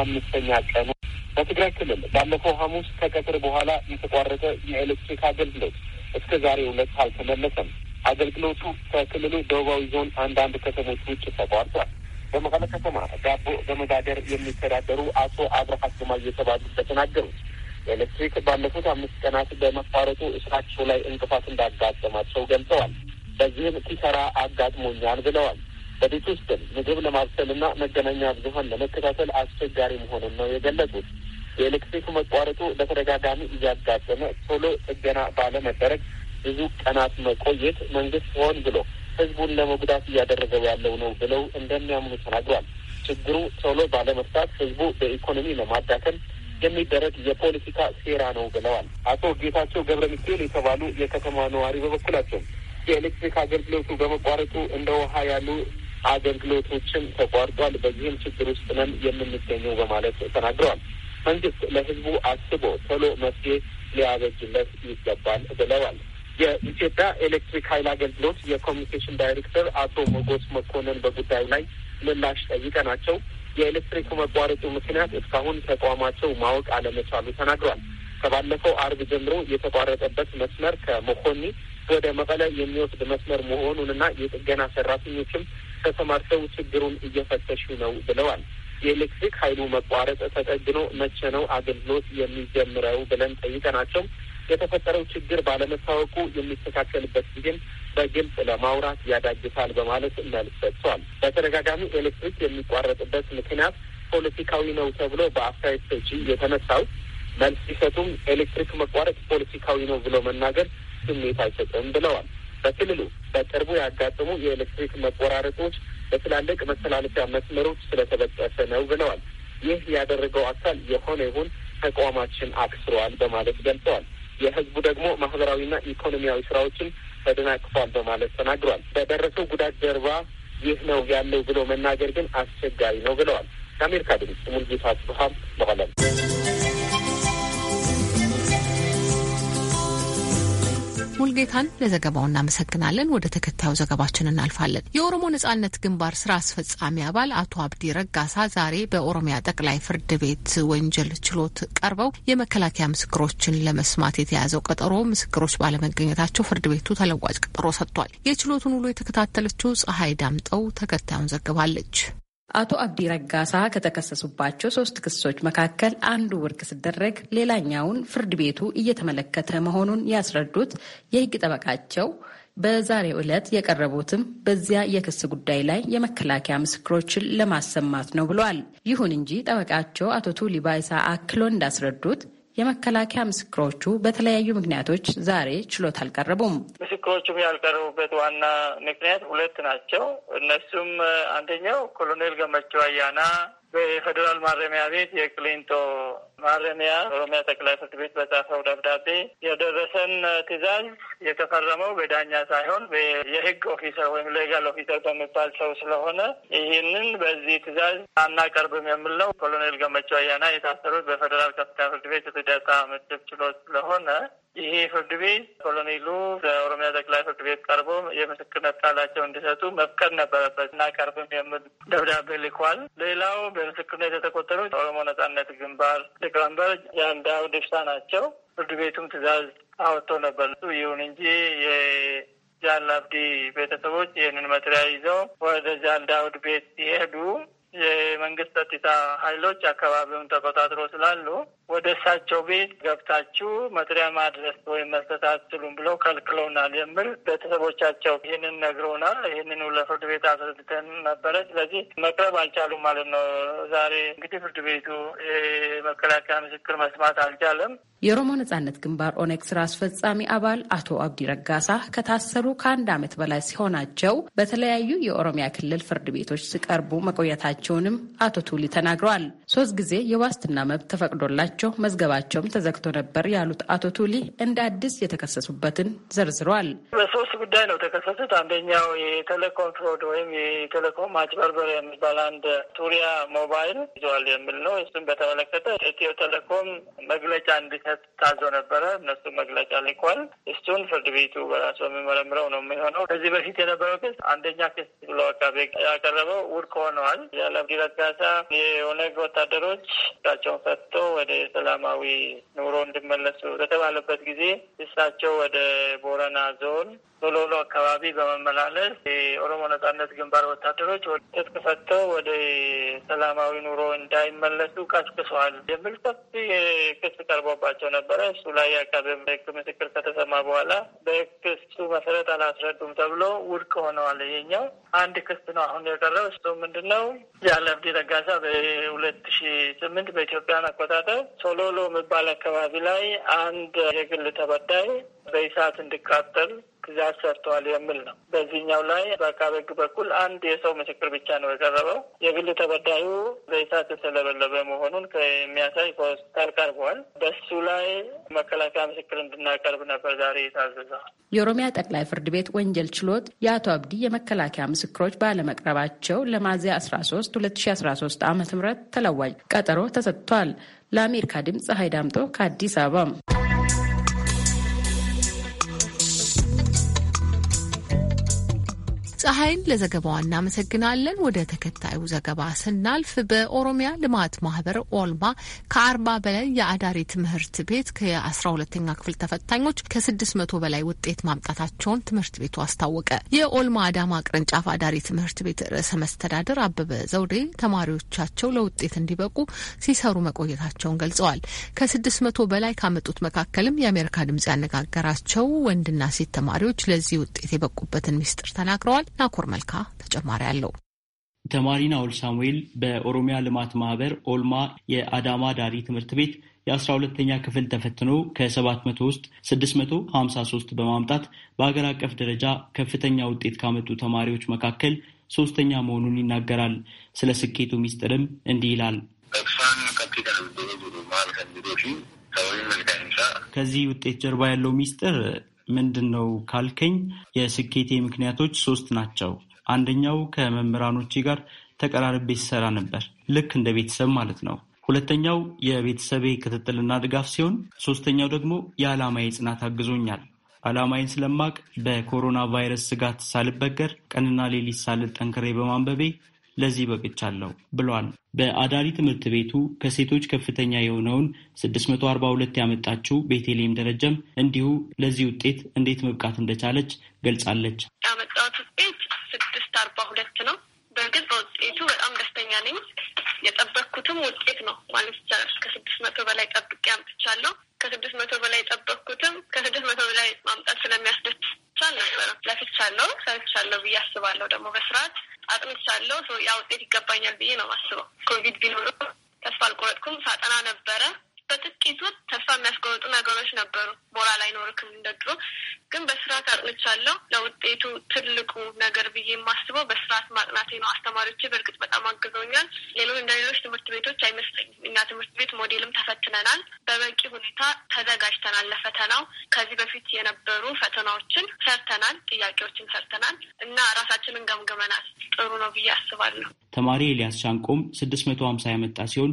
አምስተኛ ቀኑ በትግራይ ክልል ባለፈው ሐሙስ ከቀትር በኋላ የተቋረጠ የኤሌክትሪክ አገልግሎት እስከ ዛሬ ዕለት አልተመለሰም። አገልግሎቱ ከክልሉ ደቡባዊ ዞን አንዳንድ ከተሞች ውጭ ተቋርጧል። በመቀለ ከተማ ዳቦ በመጋገር የሚተዳደሩ አቶ አብረሃ ግማ እየተባሉ እንደተናገሩት ኤሌክትሪክ ባለፉት አምስት ቀናት በመቋረጡ ስራቸው ላይ እንቅፋት እንዳጋጠማቸው ገልጸዋል። በዚህም ኪሰራ አጋጥሞኛል ብለዋል። በቤት ውስጥም ምግብ ለማብሰልና መገናኛ ብዙሀን ለመከታተል አስቸጋሪ መሆኑን ነው የገለጹት። የኤሌክትሪክ መቋረጡ በተደጋጋሚ እያጋጠመ ቶሎ ጥገና ባለመደረግ ብዙ ቀናት መቆየት መንግስት ሆን ብሎ ህዝቡን ለመጉዳት እያደረገው ያለው ነው ብለው እንደሚያምኑ ተናግሯል። ችግሩ ቶሎ ባለመፍታት ህዝቡ በኢኮኖሚ ለማዳከም የሚደረግ የፖለቲካ ሴራ ነው ብለዋል። አቶ ጌታቸው ገብረ ሚካኤል የተባሉ የከተማ ነዋሪ በበኩላቸው የኤሌክትሪክ አገልግሎቱ በመቋረጡ እንደ ውሃ ያሉ አገልግሎቶችም ተቋርጧል። በዚህም ችግር ውስጥ ነን የምንገኘው በማለት ተናግረዋል። መንግስት ለህዝቡ አስቦ ቶሎ መፍትሄ ሊያበጅለት ይገባል ብለዋል። የኢትዮጵያ ኤሌክትሪክ ኃይል አገልግሎት የኮሚኒኬሽን ዳይሬክተር አቶ ሞጎስ መኮንን በጉዳዩ ላይ ምላሽ ጠይቀናቸው የኤሌክትሪክ መቋረጡ ምክንያት እስካሁን ተቋማቸው ማወቅ አለመቻሉ ተናግሯል። ከባለፈው አርብ ጀምሮ የተቋረጠበት መስመር ከመኮኒ ወደ መቀለ የሚወስድ መስመር መሆኑንና የጥገና ሰራተኞችም ተሰማርተው ችግሩን እየፈተሹ ነው ብለዋል። የኤሌክትሪክ ኃይሉ መቋረጥ ተጠግኖ መቼ ነው አገልግሎት የሚጀምረው ብለን ጠይቀናቸው የተፈጠረው ችግር ባለመታወቁ የሚስተካከልበት ጊዜም በግልጽ ለማውራት ያዳግታል በማለት መልስ ሰጥቷል። በተደጋጋሚ ኤሌክትሪክ የሚቋረጥበት ምክንያት ፖለቲካዊ ነው ተብሎ በአስተያየት ሰጪ የተነሳው መልስ ሲሰጡም ኤሌክትሪክ መቋረጥ ፖለቲካዊ ነው ብሎ መናገር ስሜት አይሰጥም ብለዋል። በክልሉ በቅርቡ ያጋጠሙ የኤሌክትሪክ መቆራረጦች በትላልቅ መተላለፊያ መስመሮች ስለተበጠሰ ነው ብለዋል። ይህ ያደረገው አካል የሆነ ይሁን ተቋማችን አክስሯል በማለት ገልጸዋል። የህዝቡ ደግሞ ማህበራዊና ኢኮኖሚያዊ ስራዎችን ተደናቅፏል በማለት ተናግሯል። በደረሰው ጉዳት ጀርባ ይህ ነው ያለው ብሎ መናገር ግን አስቸጋሪ ነው ብለዋል። ከአሜሪካ ድምጽ ሙልጌታ ጽሀም በኋላ ሙልጌታን ለዘገባው እናመሰግናለን። ወደ ተከታዩ ዘገባችን እናልፋለን። የኦሮሞ ነጻነት ግንባር ስራ አስፈጻሚ አባል አቶ አብዲ ረጋሳ ዛሬ በኦሮሚያ ጠቅላይ ፍርድ ቤት ወንጀል ችሎት ቀርበው የመከላከያ ምስክሮችን ለመስማት የተያዘው ቀጠሮ ምስክሮች ባለመገኘታቸው ፍርድ ቤቱ ተለዋጭ ቀጠሮ ሰጥቷል። የችሎቱን ውሎ የተከታተለችው ፀሐይ ዳምጠው ተከታዩን ዘግባለች። አቶ አብዲ ረጋሳ ከተከሰሱባቸው ሶስት ክሶች መካከል አንዱ ውድቅ ሲደረግ ሌላኛውን ፍርድ ቤቱ እየተመለከተ መሆኑን ያስረዱት የህግ ጠበቃቸው በዛሬ ዕለት የቀረቡትም በዚያ የክስ ጉዳይ ላይ የመከላከያ ምስክሮችን ለማሰማት ነው ብለዋል። ይሁን እንጂ ጠበቃቸው አቶ ቱሊ ባይሳ አክሎ እንዳስረዱት የመከላከያ ምስክሮቹ በተለያዩ ምክንያቶች ዛሬ ችሎት አልቀረቡም። ምስክሮቹም ያልቀረቡበት ዋና ምክንያት ሁለት ናቸው። እነሱም አንደኛው ኮሎኔል ገመቹ አያና በፌዴራል ማረሚያ ቤት የቅሊንጦ ማረሚያ ኦሮሚያ ጠቅላይ ፍርድ ቤት በጻፈው ደብዳቤ የደረሰን ትዕዛዝ የተፈረመው በዳኛ ሳይሆን የህግ ኦፊሰር ወይም ሌጋል ኦፊሰር በሚባል ሰው ስለሆነ ይህንን በዚህ ትዕዛዝ አናቀርብም የሚል ነው። ኮሎኔል ገመቹ አያና የታሰሩት በፌደራል ከፍተኛ ፍርድ ቤት ልደታ ምድብ ችሎት ስለሆነ ይሄ ፍርድ ቤት ኮሎኔሉ በኦሮሚያ ጠቅላይ ፍርድ ቤት ቀርቦ የምስክርነት ቃላቸው እንዲሰጡ መፍቀድ ነበረበት። እናቀርብም የሚል ደብዳቤ ልኳል። ሌላው በምስክርነት የተቆጠሩት ኦሮሞ ነጻነት ግንባር ሊቀመንበር የአንዳው ደስታ ናቸው። ፍርድ ቤቱም ትእዛዝ አወጥቶ ነበር። ይሁን እንጂ የጃን አብዲ ቤተሰቦች ይህንን መጥሪያ ይዘው ወደ ጃን ዳውድ ቤት ሲሄዱ የመንግስት ጸጥታ ኃይሎች አካባቢውን ተቆጣጥሮ ስላሉ ወደ እሳቸው ቤት ገብታችሁ መጥሪያ ማድረስ ወይም መስጠት አትችሉም ብለው ከልክለውናል የሚል ቤተሰቦቻቸው ይህንን ነግረውናል። ይህንኑ ለፍርድ ቤት አስረድተን ነበረ። ስለዚህ መቅረብ አልቻሉም ማለት ነው። ዛሬ እንግዲህ ፍርድ ቤቱ የመከላከያ ምስክር መስማት አልቻለም። የኦሮሞ ነጻነት ግንባር ኦነግ ስራ አስፈጻሚ አባል አቶ አብዲ ረጋሳ ከታሰሩ ከአንድ አመት በላይ ሲሆናቸው በተለያዩ የኦሮሚያ ክልል ፍርድ ቤቶች ሲቀርቡ መቆየታቸው መሆናቸውንም አቶ ቱሊ ተናግረዋል። ሶስት ጊዜ የዋስትና መብት ተፈቅዶላቸው መዝገባቸውም ተዘግቶ ነበር ያሉት አቶ ቱሊ እንደ አዲስ የተከሰሱበትን ዘርዝረዋል። በሶስት ጉዳይ ነው ተከሰሱት። አንደኛው የቴሌኮም ፍሮድ ወይም የቴሌኮም ማጭበርበር የሚባል አንድ ቱሪያ ሞባይል ይዘዋል የሚል ነው። እሱም በተመለከተ ኢትዮ ቴሌኮም መግለጫ እንዲሰጥ ታዞ ነበረ። እነሱ መግለጫ ልኳል። እሱን ፍርድ ቤቱ በራሱ የሚመረምረው ነው የሚሆነው። ከዚህ በፊት የነበረው ክስ አንደኛ ክስ ብሎ አቃቤ ያቀረበው ውድቅ ሆነዋል። የዓለም ዲረጋሳ የኦነግ ወታደሮች እሳቸውን ፈቶ ወደ ሰላማዊ ኑሮ እንዲመለሱ በተባለበት ጊዜ እሳቸው ወደ ቦረና ዞን ቶሎ ሎሎ አካባቢ በመመላለስ የኦሮሞ ነጻነት ግንባር ወታደሮች ትጥቅ ፈተው ወደ ሰላማዊ ኑሮ እንዳይመለሱ ቀስቅሰዋል የሚል ሰፊ ክስ ቀርቦባቸው ነበረ። እሱ ላይ አቃቤ ሕግ ምስክር ከተሰማ በኋላ በክሱ መሰረት አላስረዱም ተብሎ ውድቅ ሆነዋል። ይሄኛው አንድ ክስ ነው አሁን የቀረው። እሱ ምንድን ነው? የአለምዲ ረጋሳ በሁለት ሺ ስምንት በኢትዮጵያን አቆጣጠር ሶሎሎ የሚባል አካባቢ ላይ አንድ የግል ተበዳይ በእሳት እንዲቃጠል ትእዛዝ ሰጥተዋል የሚል ነው። በዚህኛው ላይ በአቃቤ ሕግ በኩል አንድ የሰው ምስክር ብቻ ነው የቀረበው። የግል ተበዳዩ በእሳት የተለበለበ መሆኑን ከሚያሳይ ፖስታል ቀርበዋል። በሱ ላይ መከላከያ ምስክር እንድናቀርብ ነበር ዛሬ የታዘዘው። የኦሮሚያ ጠቅላይ ፍርድ ቤት ወንጀል ችሎት የአቶ አብዲ የመከላከያ ምስክሮች ባለመቅረባቸው ለማዚያ 13 2013 ዓ ም ተለዋጭ ቀጠሮ ተሰጥቷል። ለአሜሪካ ድምፅ ፀሐይ ዳምጦ ከአዲስ አበባ ፀሐይን ለዘገባዋ እናመሰግናለን። ወደ ተከታዩ ዘገባ ስናልፍ በኦሮሚያ ልማት ማህበር ኦልማ ከአርባ በላይ የአዳሪ ትምህርት ቤት ከአስራ ሁለተኛ ክፍል ተፈታኞች ከስድስት መቶ በላይ ውጤት ማምጣታቸውን ትምህርት ቤቱ አስታወቀ። የኦልማ አዳማ ቅርንጫፍ አዳሪ ትምህርት ቤት ርዕሰ መስተዳደር አበበ ዘውዴ ተማሪዎቻቸው ለውጤት እንዲበቁ ሲሰሩ መቆየታቸውን ገልጸዋል። ከስድስት መቶ በላይ ካመጡት መካከልም የአሜሪካ ድምጽ ያነጋገራቸው ወንድና ሴት ተማሪዎች ለዚህ ውጤት የበቁበትን ሚስጥር ተናግረዋል። ናኮር መልካ ተጨማሪ አለው። ተማሪ ናውል ሳሙኤል በኦሮሚያ ልማት ማህበር ኦልማ የአዳማ ዳሪ ትምህርት ቤት የአስራ ሁለተኛ ክፍል ተፈትኖ ከሰባት መቶ ውስጥ ስድስት መቶ ሀምሳ ሶስት በማምጣት በሀገር አቀፍ ደረጃ ከፍተኛ ውጤት ካመጡ ተማሪዎች መካከል ሶስተኛ መሆኑን ይናገራል። ስለ ስኬቱ ሚስጥርም እንዲህ ይላል። ከዚህ ውጤት ጀርባ ያለው ሚስጥር ምንድን ነው ካልከኝ የስኬቴ ምክንያቶች ሶስት ናቸው። አንደኛው ከመምህራኖቼ ጋር ተቀራርቤ ስሰራ ነበር፣ ልክ እንደ ቤተሰብ ማለት ነው። ሁለተኛው የቤተሰቤ ክትትልና ድጋፍ ሲሆን፣ ሶስተኛው ደግሞ የዓላማዬ ጽናት አግዞኛል። ዓላማዬን ስለማቅ በኮሮና ቫይረስ ስጋት ሳልበገር ቀንና ሌሊት ሳልል ጠንክሬ በማንበቤ ለዚህ በቅቻለሁ ብሏል። በአዳሪ ትምህርት ቤቱ ከሴቶች ከፍተኛ የሆነውን 642 ያመጣችው ቤቴሌም ደረጀም እንዲሁ ለዚህ ውጤት እንዴት መብቃት እንደቻለች ገልጻለች። ያመጣት ውጤት 642 ነው። በእርግጥ በውጤቱ በጣም ደስተኛ ነኝ። የጠበቅኩትም ውጤት ነው ማለት ይቻላል። ከስድስት መቶ በላይ ጠብቄ አምጥቻለሁ። ከስድስት መቶ በላይ ጠበቅኩትም ከስድስት መቶ በላይ ማምጣት ስለሚያስደስቻል ነበረ ለፍቻለሁ፣ ሰርቻለሁ ብዬ አስባለሁ። ደግሞ በስርዓት አጥንቻለሁ። ያ ውጤት ይገባኛል ብዬ ነው የማስበው። ኮቪድ ቢኖር ተስፋ አልቆረጥኩም። ሳጠና ነበረ በጥቂቱ ተስፋ የሚያስቆርጡ ነገሮች ነበሩ። ሞራል አይኖርክም እንደ ግን በስርዓት አጥንቻለሁ። ለውጤቱ ትልቁ ነገር ብዬ የማስበው በስርዓት ማጥናቴ ነው። አስተማሪዎቼ በእርግጥ በጣም አግዘውኛል። ሌሎች እንደ ሌሎች ትምህርት ቤቶች አይመስለኝም። እኛ ትምህርት ቤት ሞዴልም ተፈትነናል። በበቂ ሁኔታ ተዘጋጅተናል ለፈተናው። ከዚህ በፊት የነበሩ ፈተናዎችን ሰርተናል፣ ጥያቄዎችን ሰርተናል እና ራሳችንን ገምግመናል። ጥሩ ነው ብዬ አስባለሁ። ተማሪ ኤልያስ ሻንቆም ስድስት መቶ ሀምሳ ያመጣ ሲሆን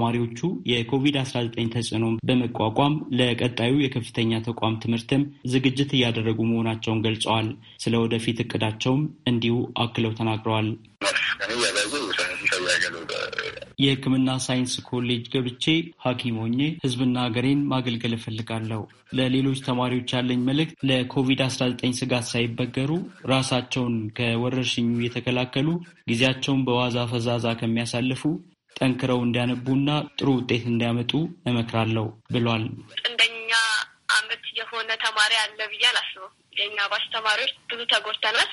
ተማሪዎቹ የኮቪድ-19 ተጽዕኖን በመቋቋም ለቀጣዩ የከፍተኛ ተቋም ትምህርትም ዝግጅት እያደረጉ መሆናቸውን ገልጸዋል። ስለ ወደፊት እቅዳቸውም እንዲሁ አክለው ተናግረዋል። የሕክምና ሳይንስ ኮሌጅ ገብቼ ሐኪም ሆኜ ሕዝብና ሀገሬን ማገልገል እፈልጋለሁ። ለሌሎች ተማሪዎች ያለኝ መልእክት ለኮቪድ-19 ስጋት ሳይበገሩ ራሳቸውን ከወረርሽኙ የተከላከሉ ጊዜያቸውን በዋዛ ፈዛዛ ከሚያሳልፉ ጠንክረው እንዲያነቡና ጥሩ ውጤት እንዲያመጡ እመክራለሁ ብሏል። እንደኛ አመት የሆነ ተማሪ አለ ብዬ አላስብም። የእኛ ባስ ተማሪዎች ብዙ ተጎድተናል።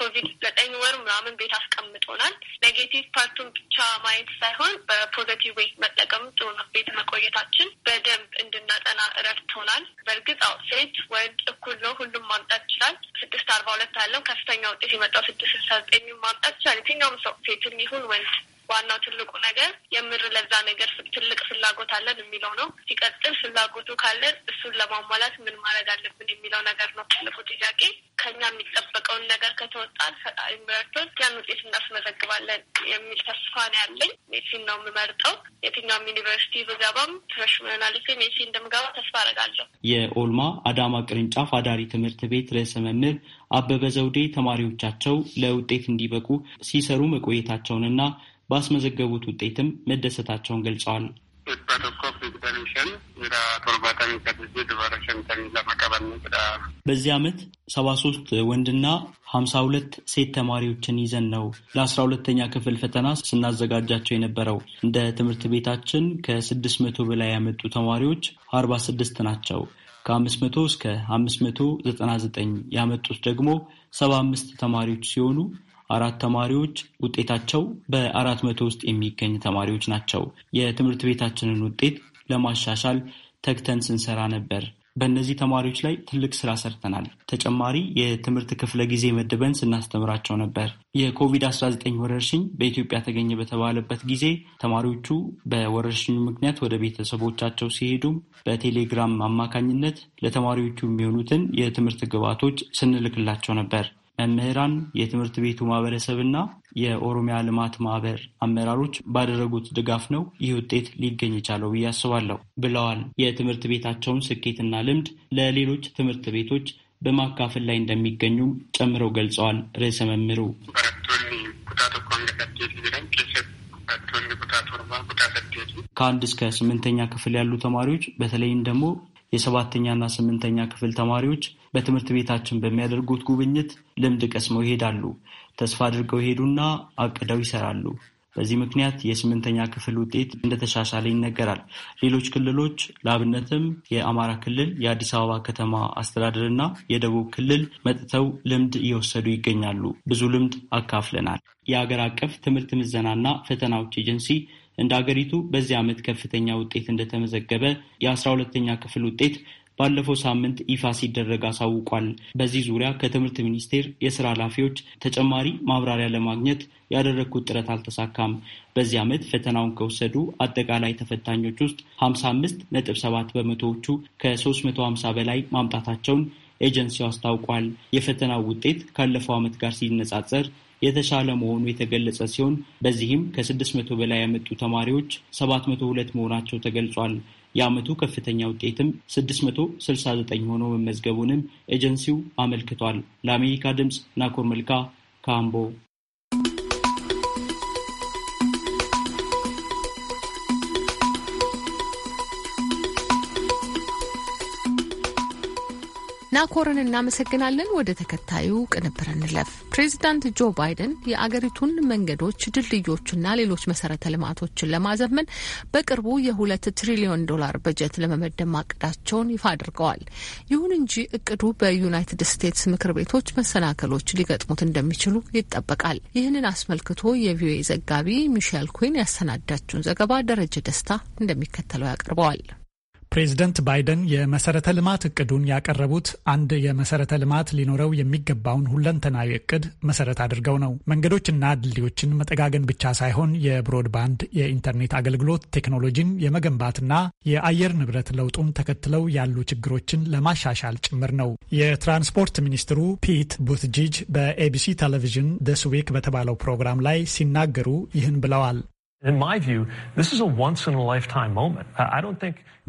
ኮቪድ ዘጠኝ ወር ምናምን ቤት አስቀምጦናል። ኔጌቲቭ ፓርቱን ብቻ ማየት ሳይሆን በፖዘቲቭ ዌይ መጠቀም ጥሩ ነው። ቤት መቆየታችን በደንብ እንድናጠና እረፍት ሆናል። በእርግጥ አው ሴት ወንድ እኩል ነው፣ ሁሉም ማምጣት ይችላል። ስድስት አርባ ሁለት ያለው ከፍተኛ ውጤት የመጣው ስድስት ስልሳ ዘጠኝ ማምጣት ይችላል። የትኛውም ሰው ሴትም ይሁን ወንድ ዋናው ትልቁ ነገር የምር ለዛ ነገር ትልቅ ፍላጎት አለን የሚለው ነው። ሲቀጥል ፍላጎቱ ካለን እሱን ለማሟላት ምን ማድረግ አለብን የሚለው ነገር ነው። ትልቁ ጥያቄ ከኛ የሚጠበቀውን ነገር ከተወጣን ፈጣሪ ምረቶን ያን ውጤት እናስመዘግባለን የሚል ተስፋ ነው ያለኝ። ሜሲን ነው የምመርጠው። የትኛውም ዩኒቨርሲቲ ብገባም ፍሬሽማን አልፌ ሜሲ እንደምገባ ተስፋ አረጋለሁ። የኦልማ አዳማ ቅርንጫፍ አዳሪ ትምህርት ቤት ርዕሰ መምህር አበበ ዘውዴ ተማሪዎቻቸው ለውጤት እንዲበቁ ሲሰሩ መቆየታቸውንና ባስመዘገቡት ውጤትም መደሰታቸውን ገልጸዋል። በዚህ ዓመት ሰባ ሶስት ወንድና ሀምሳ ሁለት ሴት ተማሪዎችን ይዘን ነው ለአስራ ሁለተኛ ክፍል ፈተና ስናዘጋጃቸው የነበረው። እንደ ትምህርት ቤታችን ከስድስት መቶ በላይ ያመጡ ተማሪዎች አርባ ስድስት ናቸው። ከአምስት መቶ እስከ አምስት መቶ ዘጠና ዘጠኝ ያመጡት ደግሞ ሰባ አምስት ተማሪዎች ሲሆኑ አራት ተማሪዎች ውጤታቸው በአራት መቶ ውስጥ የሚገኝ ተማሪዎች ናቸው። የትምህርት ቤታችንን ውጤት ለማሻሻል ተግተን ስንሰራ ነበር። በእነዚህ ተማሪዎች ላይ ትልቅ ስራ ሰርተናል። ተጨማሪ የትምህርት ክፍለ ጊዜ መድበን ስናስተምራቸው ነበር። የኮቪድ-19 ወረርሽኝ በኢትዮጵያ ተገኘ በተባለበት ጊዜ ተማሪዎቹ በወረርሽኙ ምክንያት ወደ ቤተሰቦቻቸው ሲሄዱም በቴሌግራም አማካኝነት ለተማሪዎቹ የሚሆኑትን የትምህርት ግብዓቶች ስንልክላቸው ነበር። መምህራን፣ የትምህርት ቤቱ ማህበረሰብና የኦሮሚያ ልማት ማህበር አመራሮች ባደረጉት ድጋፍ ነው ይህ ውጤት ሊገኝ የቻለው ብዬ አስባለሁ ብለዋል። የትምህርት ቤታቸውን ስኬትና ልምድ ለሌሎች ትምህርት ቤቶች በማካፈል ላይ እንደሚገኙም ጨምረው ገልጸዋል። ርዕሰ መምህሩ ከአንድ እስከ ስምንተኛ ክፍል ያሉ ተማሪዎች በተለይም ደግሞ የሰባተኛና ስምንተኛ ክፍል ተማሪዎች በትምህርት ቤታችን በሚያደርጉት ጉብኝት ልምድ ቀስመው ይሄዳሉ። ተስፋ አድርገው ይሄዱና አቅደው ይሰራሉ። በዚህ ምክንያት የስምንተኛ ክፍል ውጤት እንደተሻሻለ ይነገራል። ሌሎች ክልሎች ለአብነትም የአማራ ክልል፣ የአዲስ አበባ ከተማ አስተዳደር እና የደቡብ ክልል መጥተው ልምድ እየወሰዱ ይገኛሉ። ብዙ ልምድ አካፍለናል። የአገር አቀፍ ትምህርት ምዘናና ፈተናዎች ኤጀንሲ እንደ አገሪቱ በዚህ ዓመት ከፍተኛ ውጤት እንደተመዘገበ የአስራ ሁለተኛ ክፍል ውጤት ባለፈው ሳምንት ይፋ ሲደረግ አሳውቋል። በዚህ ዙሪያ ከትምህርት ሚኒስቴር የስራ ኃላፊዎች ተጨማሪ ማብራሪያ ለማግኘት ያደረግኩት ጥረት አልተሳካም። በዚህ ዓመት ፈተናውን ከወሰዱ አጠቃላይ ተፈታኞች ውስጥ 55 ነጥብ 7 በመቶዎቹ ከ350 በላይ ማምጣታቸውን ኤጀንሲው አስታውቋል። የፈተናው ውጤት ካለፈው ዓመት ጋር ሲነጻጸር የተሻለ መሆኑ የተገለጸ ሲሆን በዚህም ከ600 በላይ ያመጡ ተማሪዎች ሰባት መሆናቸው ተገልጿል። የዓመቱ ከፍተኛ ውጤትም 669 ሆኖ መመዝገቡንም ኤጀንሲው አመልክቷል። ለአሜሪካ ድምፅ ናኮር መልካ ካምቦ ናኮርን እናመሰግናለን። ወደ ተከታዩ ቅንብር እንለፍ። ፕሬዚዳንት ጆ ባይደን የአገሪቱን መንገዶች፣ ድልድዮችና ሌሎች መሰረተ ልማቶችን ለማዘመን በቅርቡ የሁለት ትሪሊዮን ዶላር በጀት ለመመደብ ማቀዳቸውን ይፋ አድርገዋል። ይሁን እንጂ እቅዱ በዩናይትድ ስቴትስ ምክር ቤቶች መሰናከሎች ሊገጥሙት እንደሚችሉ ይጠበቃል። ይህንን አስመልክቶ የቪኦኤ ዘጋቢ ሚሼል ኩን ያሰናዳችውን ዘገባ ደረጀ ደስታ እንደሚከተለው ያቀርበዋል። ፕሬዚደንት ባይደን የመሰረተ ልማት እቅዱን ያቀረቡት አንድ የመሰረተ ልማት ሊኖረው የሚገባውን ሁለንተናዊ እቅድ መሰረት አድርገው ነው። መንገዶችና ድልድዮችን መጠጋገን ብቻ ሳይሆን የብሮድባንድ የኢንተርኔት አገልግሎት ቴክኖሎጂን የመገንባትና የአየር ንብረት ለውጡን ተከትለው ያሉ ችግሮችን ለማሻሻል ጭምር ነው። የትራንስፖርት ሚኒስትሩ ፒት ቡትጂጅ በኤቢሲ ቴሌቪዥን ደስዊክ በተባለው ፕሮግራም ላይ ሲናገሩ ይህን ብለዋል።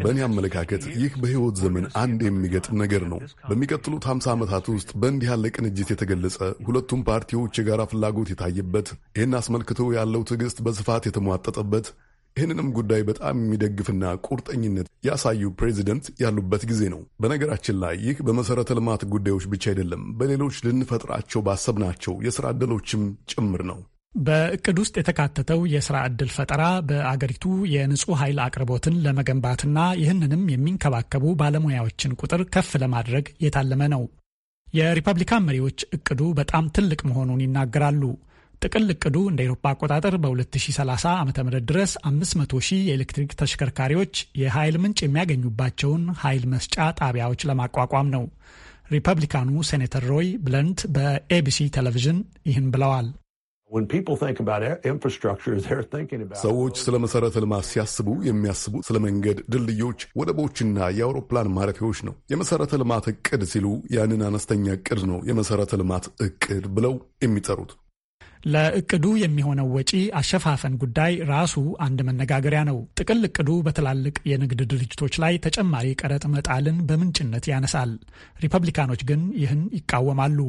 በእኔ አመለካከት ይህ በሕይወት ዘመን አንድ የሚገጥም ነገር ነው። በሚቀጥሉት ሃምሳ ዓመታት ውስጥ በእንዲህ ያለ ቅንጅት የተገለጸ ሁለቱም ፓርቲዎች የጋራ ፍላጎት የታየበት ይህን አስመልክቶ ያለው ትዕግሥት በስፋት የተሟጠጠበት ይህንንም ጉዳይ በጣም የሚደግፍና ቁርጠኝነት ያሳዩ ፕሬዚደንት ያሉበት ጊዜ ነው። በነገራችን ላይ ይህ በመሠረተ ልማት ጉዳዮች ብቻ አይደለም፣ በሌሎች ልንፈጥራቸው ባሰብናቸው የሥራ ዕድሎችም ጭምር ነው። በእቅድ ውስጥ የተካተተው የስራ ዕድል ፈጠራ በአገሪቱ የንጹህ ኃይል አቅርቦትን ለመገንባትና ይህንንም የሚንከባከቡ ባለሙያዎችን ቁጥር ከፍ ለማድረግ የታለመ ነው። የሪፐብሊካን መሪዎች እቅዱ በጣም ትልቅ መሆኑን ይናገራሉ። ጥቅል እቅዱ እንደ ኤሮፓ አቆጣጠር በ2030 ዓ ም ድረስ 500 ሺህ የኤሌክትሪክ ተሽከርካሪዎች የኃይል ምንጭ የሚያገኙባቸውን ኃይል መስጫ ጣቢያዎች ለማቋቋም ነው። ሪፐብሊካኑ ሴኔተር ሮይ ብለንት በኤቢሲ ቴሌቪዥን ይህን ብለዋል። ሰዎች ስለ መሠረተ ልማት ሲያስቡ የሚያስቡት ስለ መንገድ፣ ድልድዮች፣ ወደቦችና የአውሮፕላን ማረፊያዎች ነው። የመሠረተ ልማት ዕቅድ ሲሉ ያንን አነስተኛ ዕቅድ ነው የመሠረተ ልማት እቅድ ብለው የሚጠሩት። ለእቅዱ የሚሆነው ወጪ አሸፋፈን ጉዳይ ራሱ አንድ መነጋገሪያ ነው። ጥቅል እቅዱ በትላልቅ የንግድ ድርጅቶች ላይ ተጨማሪ ቀረጥ መጣልን በምንጭነት ያነሳል። ሪፐብሊካኖች ግን ይህን ይቃወማሉ።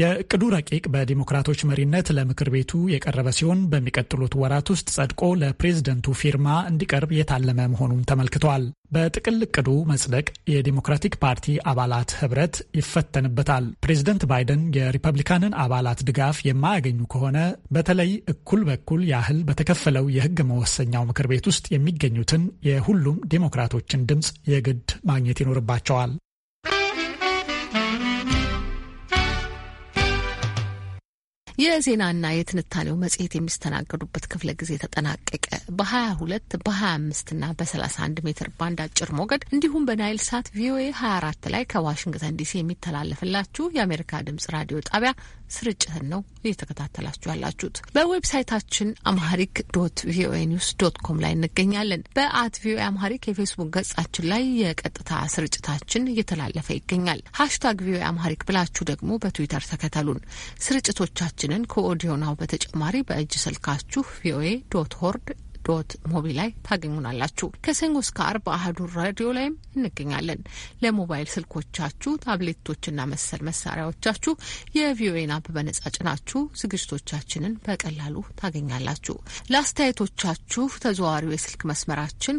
የእቅዱ ረቂቅ በዲሞክራቶች መሪነት ለምክር ቤቱ የቀረበ ሲሆን በሚቀጥሉት ወራት ውስጥ ጸድቆ ለፕሬዝደንቱ ፊርማ እንዲቀርብ የታለመ መሆኑም ተመልክቷል። በጥቅል እቅዱ መጽደቅ የዲሞክራቲክ ፓርቲ አባላት ህብረት ይፈተንበታል። ፕሬዝደንት ባይደን የሪፐብሊካንን አባላት ድጋፍ የማያገኙ ከሆነ በተለይ እኩል በኩል ያህል በተከፈለው የህግ መወሰኛው ምክር ቤት ውስጥ የሚገኙትን የሁሉም ዲሞክራቶችን ድምፅ የግድ ማግኘት ይኖርባቸዋል። የዜናና የትንታኔው መጽሔት የሚስተናገዱበት ክፍለ ጊዜ ተጠናቀቀ። በ22 በ25 እና በ31 ሜትር ባንድ አጭር ሞገድ እንዲሁም በናይል ሳት ቪኦኤ 24 ላይ ከዋሽንግተን ዲሲ የሚተላለፍላችሁ የአሜሪካ ድምጽ ራዲዮ ጣቢያ ስርጭትን ነው እየተከታተላችሁ ያላችሁት። በዌብሳይታችን አምሃሪክ ዶት ቪኦኤ ኒውስ ዶት ኮም ላይ እንገኛለን። በአት ቪኦኤ አምሃሪክ የፌስቡክ ገጻችን ላይ የቀጥታ ስርጭታችን እየተላለፈ ይገኛል። ሀሽታግ ቪኦኤ አምሃሪክ ብላችሁ ደግሞ በትዊተር ተከተሉን። ስርጭቶቻችንን ከኦዲዮ ናው በተጨማሪ በእጅ ስልካችሁ ቪኦኤ ዶት ሆርን ዶት ሞቢ ላይ ታገኙናላችሁ። ከሰኞ እስከ አርብ አህዱ ራዲዮ ላይም እንገኛለን። ለሞባይል ስልኮቻችሁ፣ ታብሌቶችና መሰል መሳሪያዎቻችሁ የቪኦኤን አፕ በነጻ ጭናችሁ ዝግጅቶቻችንን በቀላሉ ታገኛላችሁ። ለአስተያየቶቻችሁ ተዘዋዋሪው የስልክ መስመራችን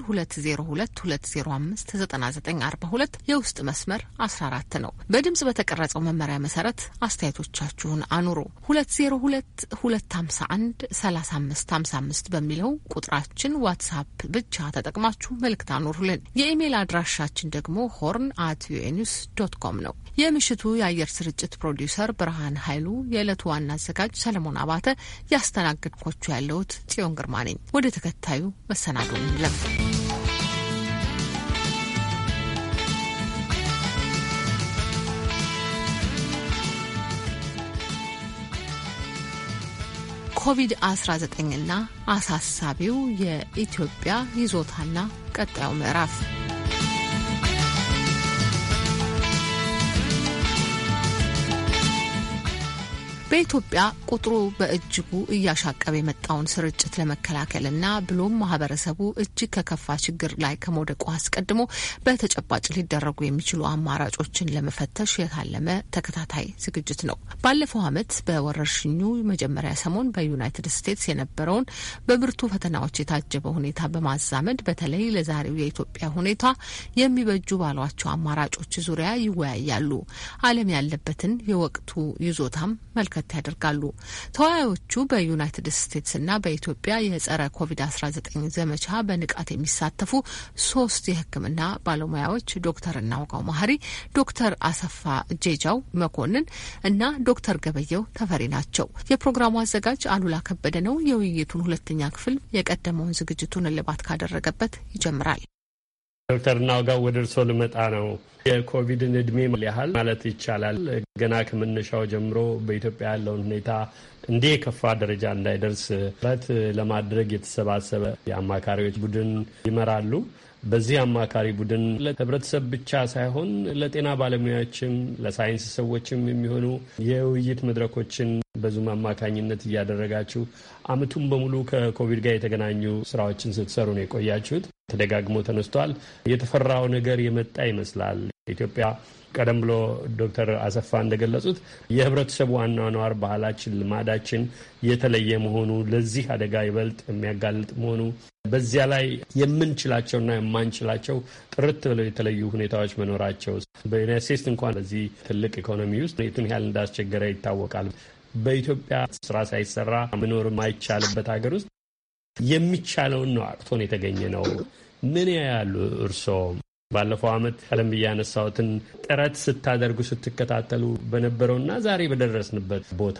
ሁለት የውስጥ መስመር 14 ነው። በድምጽ በተቀረጸው መመሪያ መሰረት አስተያየቶቻችሁን አኑሩ። 2022513555 በሚለው ቁጥራ ቁጥራችን ዋትሳፕ ብቻ ተጠቅማችሁ መልእክት አኖሩልን። የኢሜይል አድራሻችን ደግሞ ሆርን አት ቪኦኤ ኒውስ ዶት ኮም ነው። የምሽቱ የአየር ስርጭት ፕሮዲውሰር ብርሃን ኃይሉ፣ የዕለቱ ዋና አዘጋጅ ሰለሞን አባተ፣ ያስተናግድኳችሁ ያለሁት ጽዮን ግርማ ነኝ። ወደ ተከታዩ መሰናዶ እንለፍ። ኮቪድ-19ና አሳሳቢው የኢትዮጵያ ይዞታና ቀጣዩ ምዕራፍ በኢትዮጵያ ቁጥሩ በእጅጉ እያሻቀበ የመጣውን ስርጭት ለመከላከልና ብሎም ማህበረሰቡ እጅግ ከከፋ ችግር ላይ ከመውደቁ አስቀድሞ በተጨባጭ ሊደረጉ የሚችሉ አማራጮችን ለመፈተሽ የታለመ ተከታታይ ዝግጅት ነው። ባለፈው ዓመት በወረርሽኙ መጀመሪያ ሰሞን በዩናይትድ ስቴትስ የነበረውን በብርቱ ፈተናዎች የታጀበ ሁኔታ በማዛመድ በተለይ ለዛሬው የኢትዮጵያ ሁኔታ የሚበጁ ባሏቸው አማራጮች ዙሪያ ይወያያሉ። ዓለም ያለበትን የወቅቱ ይዞታም መልከ በርከት ያደርጋሉ። ተወያዮቹ በዩናይትድ ስቴትስና በኢትዮጵያ የጸረ ኮቪድ-19 ዘመቻ በንቃት የሚሳተፉ ሶስት የሕክምና ባለሙያዎች ዶክተር እናውጋው ማሀሪ፣ ዶክተር አሰፋ ጄጃው መኮንን እና ዶክተር ገበየው ተፈሪ ናቸው። የፕሮግራሙ አዘጋጅ አሉላ ከበደ ነው። የውይይቱን ሁለተኛ ክፍል የቀደመውን ዝግጅቱን እልባት ካደረገበት ይጀምራል። ዶክተር ናውጋው ወደ እርስዎ ልመጣ ነው። የኮቪድን እድሜ ያህል ማለት ይቻላል ገና ከመነሻው ጀምሮ በኢትዮጵያ ያለውን ሁኔታ እንዲህ የከፋ ደረጃ እንዳይደርስ ጥረት ለማድረግ የተሰባሰበ የአማካሪዎች ቡድን ይመራሉ። በዚህ አማካሪ ቡድን ለህብረተሰብ ብቻ ሳይሆን ለጤና ባለሙያዎችም ለሳይንስ ሰዎችም የሚሆኑ የውይይት መድረኮችን በዙም አማካኝነት እያደረጋችሁ አመቱን በሙሉ ከኮቪድ ጋር የተገናኙ ስራዎችን ስትሰሩ ነው የቆያችሁት። ተደጋግሞ ተነስቷል። የተፈራው ነገር የመጣ ይመስላል። ኢትዮጵያ ቀደም ብሎ ዶክተር አሰፋ እንደገለጹት የህብረተሰቡ ዋና ባህላችን፣ ልማዳችን የተለየ መሆኑ ለዚህ አደጋ ይበልጥ የሚያጋልጥ መሆኑ በዚያ ላይ የምንችላቸውና የማንችላቸው ጥርት ብለው የተለዩ ሁኔታዎች መኖራቸው በዩናይት ስቴትስ እንኳን በዚህ ትልቅ ኢኮኖሚ ውስጥ የቱን ያህል እንዳስቸገረ ይታወቃል። በኢትዮጵያ ስራ ሳይሰራ መኖር ማይቻልበት ሀገር ውስጥ የሚቻለውን ነው አቅቶን የተገኘ ነው። ምን ያሉ እርስዎም? ባለፈው ዓመት ቀደም ብዬ ያነሳሁትን ጥረት ስታደርጉ ስትከታተሉ በነበረውና ዛሬ በደረስንበት ቦታ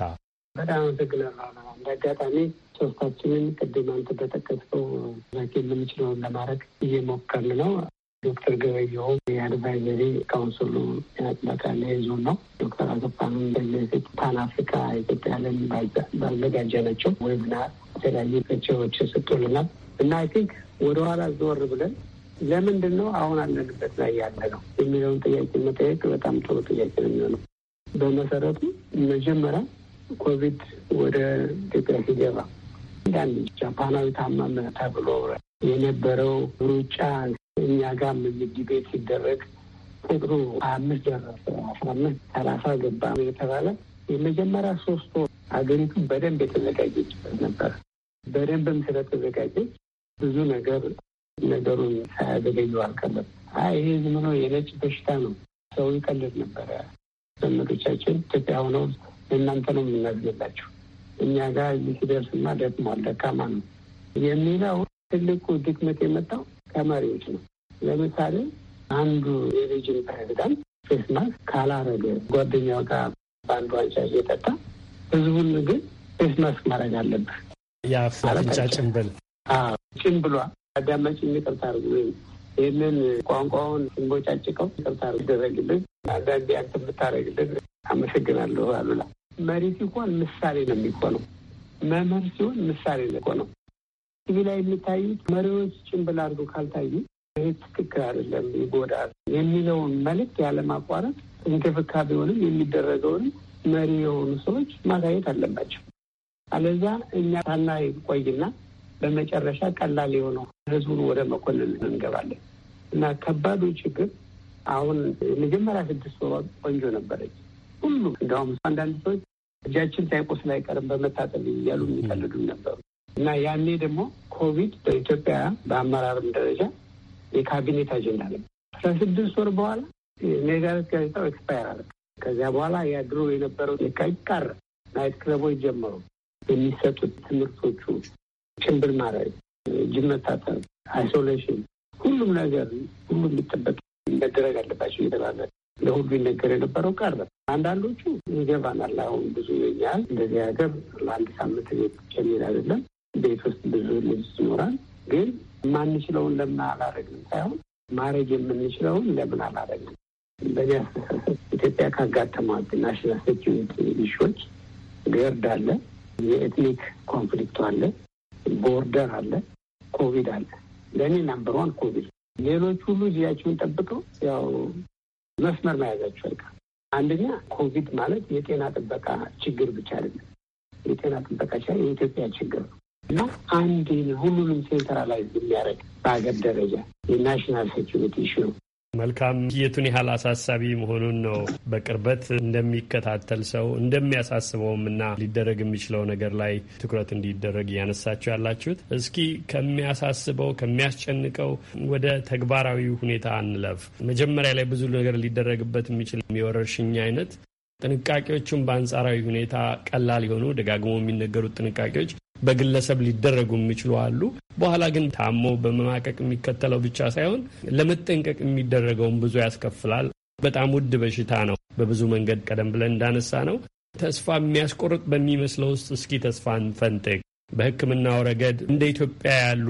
በጣም አመሰግናለሁ። እንደ አጋጣሚ ሶስታችንን ቅድም አንተ በጠቀስከው ዛኬ የምንችለውን ለማድረግ እየሞከርን ነው። ዶክተር ገበየሁ የአድቫይዘሪ ካውንስሉ ያጥበቃለ ዞን ነው። ዶክተር አሰፋን በዚህ ፓን አፍሪካ ኢትዮጵያለን ባዘጋጀ ናቸው ወይምና የተለያዩ ቸዎች ሰጡልናል እና አይ ቲንክ ወደኋላ ዞር ብለን ለምንድን ነው አሁን አለንበት ላይ ያለ ነው የሚለውን ጥያቄ መጠየቅ በጣም ጥሩ ጥያቄ ነው የሚሆነው። በመሰረቱ መጀመሪያ ኮቪድ ወደ ኢትዮጵያ ሲገባ አንዳንድ ጃፓናዊ ታመመ ተብሎ የነበረው ሩጫ እኛ ጋር እዚህ ዲቤት ሲደረግ ቁጥሩ አምስት ደረሰ፣ አስራ አምስት ሰላሳ ገባ የተባለ የመጀመሪያ ሶስት ወር ሀገሪቱ በደንብ የተዘጋጀችበት ነበር። በደንብም ስለተዘጋጀች ብዙ ነገር ነገሩን ሳያዘገዩ አልቀለም። አይ ይሄ ዝም ብሎ የነጭ በሽታ ነው ሰው ይቀልድ ነበረ። ዘመዶቻችን ኢትዮጵያ ሆነው እናንተ ነው የምናዝንላችሁ እኛ ጋር እዚህ ሲደርስማ ደክሟል፣ ደካማ ነው የሚለው ትልቁ ድክመት የመጣው ከመሪዎች ነው። ለምሳሌ አንዱ የሬጅን ፕሬዚዳንት ፌስ ማስክ ካላረገ ጓደኛው ጋር በአንዱ ዋንጫ እየጠጣ ህዝቡን ግን ፌስ ማስክ ማድረግ አለብህ የአፍንጫ ጭንብል ጭንብሏ አዳማጭ ይቅርታ አድርጉ ወይም ይህንን ቋንቋውን ስንቦጫጭቀው ይቅርታ ይደረግልን። አንዳንዴ አንተ የምታደረግልን አመሰግናለሁ። አሉላ መሪ ሲሆን ምሳሌ ነው የሚሆነው። መምህር ሲሆን ምሳሌ ነው የሚሆነው። ቲቪ ላይ የሚታዩት መሪዎች ጭንብል አድርጎ ካልታዩ ይህ ትክክል አይደለም፣ ይጎዳል የሚለውን መልዕክት ያለማቋረጥ እንክብካቤውንም የሚደረገውንም መሪ የሆኑ ሰዎች ማሳየት አለባቸው። አለዛ እኛ ታና ቆይና በመጨረሻ ቀላል የሆነው ህዝቡን ወደ መኮንን እንገባለን እና ከባዱ ችግር አሁን የመጀመሪያ ስድስት ወር ቆንጆ ነበረች። ሁሉም እንዲሁም አንዳንድ ሰዎች እጃችን ሳይቆስል አይቀርም በመታጠብ እያሉ የሚቀልዱም ነበሩ እና ያኔ ደግሞ ኮቪድ በኢትዮጵያ በአመራርም ደረጃ የካቢኔት አጀንዳ ነበር። አስራ ስድስት ወር በኋላ ሜጋት ጋዜጣው ኤክስፓየር አለ። ከዚያ በኋላ ያድሮ የነበረው ቃይቃር ናይት ክለቦች ጀመሩ። የሚሰጡት ትምህርቶቹ ጭንብል ማድረግ፣ እጅ መታጠብ፣ አይሶሌሽን፣ ሁሉም ነገር ሁሉ የሚጠበቅ መደረግ አለባቸው እየተባለ ለሁሉ ይነገር የነበረው ቀረ። አንዳንዶቹ ይገባናል። አሁን ብዙ ይኛል እንደዚህ ሀገር ለአንድ ሳምንት ቤት ጨሚል አይደለም ቤት ውስጥ ብዙ ልጅ ይኖራል። ግን የማንችለውን ለምን አላረግም ሳይሆን ማድረግ የምንችለውን ለምን አላረግም። በእኔ አስተሳሰብ ኢትዮጵያ ካጋጠሟት ናሽናል ሴኪሪቲ ኢሹዎች ገርድ አለ፣ የኤትኒክ ኮንፍሊክቱ አለ፣ ቦርደር አለ፣ ኮቪድ አለ። ለእኔ ናምበር ዋን ኮቪድ፣ ሌሎች ሁሉ ጊዜያቸውን ጠብቀው ያው መስመር መያዛቸው አይቀር። አንደኛ ኮቪድ ማለት የጤና ጥበቃ ችግር ብቻ አይደለም። የጤና ጥበቃ የኢትዮጵያ ችግር ነው እና አንድ ሁሉንም ሴንትራላይዝ የሚያደርግ በሀገር ደረጃ የናሽናል ሴኪሪቲ ኢሹ ነው። መልካም የቱን ያህል አሳሳቢ መሆኑን ነው በቅርበት እንደሚከታተል ሰው እንደሚያሳስበውም እና ሊደረግ የሚችለው ነገር ላይ ትኩረት እንዲደረግ እያነሳችሁ ያላችሁት። እስኪ ከሚያሳስበው ከሚያስጨንቀው ወደ ተግባራዊ ሁኔታ እንለፍ። መጀመሪያ ላይ ብዙ ነገር ሊደረግበት የሚችል የወረርሽኝ አይነት ጥንቃቄዎቹም በአንጻራዊ ሁኔታ ቀላል የሆኑ ደጋግሞ የሚነገሩት ጥንቃቄዎች በግለሰብ ሊደረጉ የሚችሉ አሉ። በኋላ ግን ታሞ በመማቀቅ የሚከተለው ብቻ ሳይሆን ለመጠንቀቅ የሚደረገውን ብዙ ያስከፍላል። በጣም ውድ በሽታ ነው። በብዙ መንገድ ቀደም ብለን እንዳነሳ ነው ተስፋ የሚያስቆርጥ በሚመስለው ውስጥ እስኪ ተስፋን እንፈንጥቅ። በሕክምናው ረገድ እንደ ኢትዮጵያ ያሉ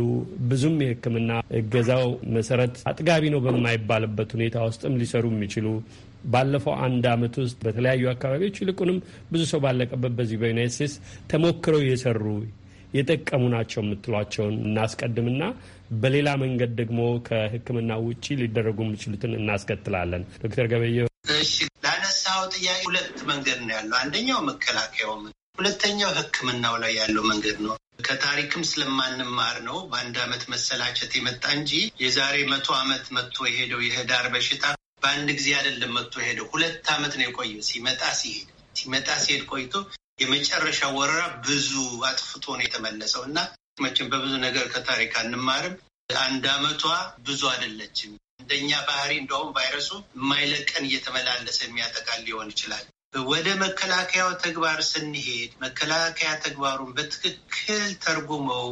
ብዙም የሕክምና እገዛው መሰረት አጥጋቢ ነው በማይባልበት ሁኔታ ውስጥም ሊሰሩ የሚችሉ ባለፈው አንድ ዓመት ውስጥ በተለያዩ አካባቢዎች ይልቁንም ብዙ ሰው ባለቀበት በዚህ በዩናይት ስቴትስ ተሞክረው የሰሩ የጠቀሙ ናቸው የምትሏቸውን እናስቀድምና በሌላ መንገድ ደግሞ ከሕክምና ውጭ ሊደረጉ የሚችሉትን እናስከትላለን። ዶክተር ገበየሁ እሺ፣ ላነሳው ጥያቄ ሁለት መንገድ ነው ያለው። አንደኛው መከላከያው፣ ሁለተኛው ሕክምናው ላይ ያለው መንገድ ነው። ከታሪክም ስለማንማር ነው በአንድ አመት መሰላቸት የመጣ እንጂ የዛሬ መቶ ዓመት መጥቶ የሄደው የህዳር በሽታ በአንድ ጊዜ አይደለም መጥቶ ሄደው ሁለት ዓመት ነው የቆየው። ሲመጣ ሲሄድ ሲመጣ ሲሄድ ቆይቶ የመጨረሻ ወረራ ብዙ አጥፍቶ ነው የተመለሰው እና መቼም በብዙ ነገር ከታሪክ አንማርም። አንድ ዓመቷ ብዙ አይደለችም። እንደኛ ባህሪ እንደውም ቫይረሱ የማይለቀን እየተመላለሰ የሚያጠቃል ሊሆን ይችላል። ወደ መከላከያው ተግባር ስንሄድ መከላከያ ተግባሩን በትክክል ተርጉመው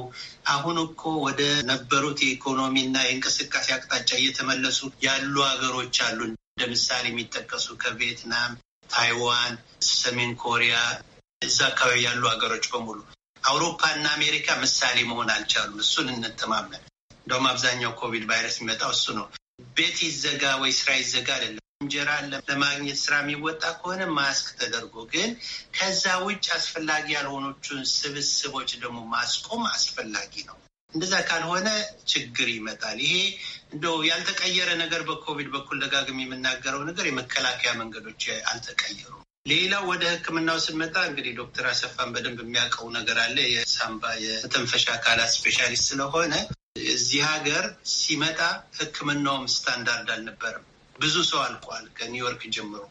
አሁን እኮ ወደ ነበሩት የኢኮኖሚና የእንቅስቃሴ አቅጣጫ እየተመለሱ ያሉ ሀገሮች አሉ። እንደ ምሳሌ የሚጠቀሱ ከቪየትናም፣ ታይዋን፣ ሰሜን ኮሪያ እዛ አካባቢ ያሉ ሀገሮች በሙሉ አውሮፓ እና አሜሪካ ምሳሌ መሆን አልቻሉም። እሱን እንተማመን። እንደውም አብዛኛው ኮቪድ ቫይረስ የሚመጣው እሱ ነው። ቤት ይዘጋ ወይ ስራ ይዘጋ አይደለም። እንጀራ ለማግኘት ስራ የሚወጣ ከሆነ ማስክ ተደርጎ፣ ግን ከዛ ውጭ አስፈላጊ ያልሆኖቹን ስብስቦች ደግሞ ማስቆም አስፈላጊ ነው። እንደዛ ካልሆነ ችግር ይመጣል። ይሄ እንደው ያልተቀየረ ነገር በኮቪድ በኩል ደጋግም የምናገረው ነገር የመከላከያ መንገዶች አልተቀየሩም። ሌላው ወደ ሕክምናው ስንመጣ እንግዲህ ዶክተር አሰፋን በደንብ የሚያውቀው ነገር አለ። የሳምባ የተንፈሻ አካላት ስፔሻሊስት ስለሆነ እዚህ ሀገር ሲመጣ ሕክምናውም ስታንዳርድ አልነበረም። ብዙ ሰው አልቋል ከኒውዮርክ ጀምሮ።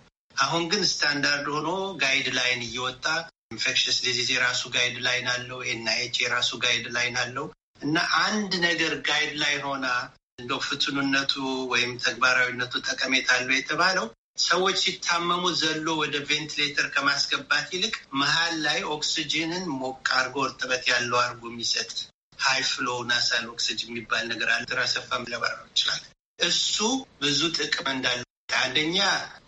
አሁን ግን ስታንዳርድ ሆኖ ጋይድ ላይን እየወጣ ኢንፌክሽስ ዲዚዝ የራሱ ጋይድ ላይን አለው፣ ኤንአይች የራሱ ጋይድ ላይን አለው እና አንድ ነገር ጋይድ ላይን ሆና እንደው ፍቱንነቱ ወይም ተግባራዊነቱ ጠቀሜታ አለው የተባለው ሰዎች ሲታመሙ ዘሎ ወደ ቬንትሌተር ከማስገባት ይልቅ መሀል ላይ ኦክስጅንን ሞቅ አርጎ እርጥበት ያለው አርጎ የሚሰጥ ሃይ ፍሎ ናሳል ኦክስጅን የሚባል ነገር አልትራሰፋም ትራሰፋም ለበራ ይችላል እሱ ብዙ ጥቅም እንዳለ አንደኛ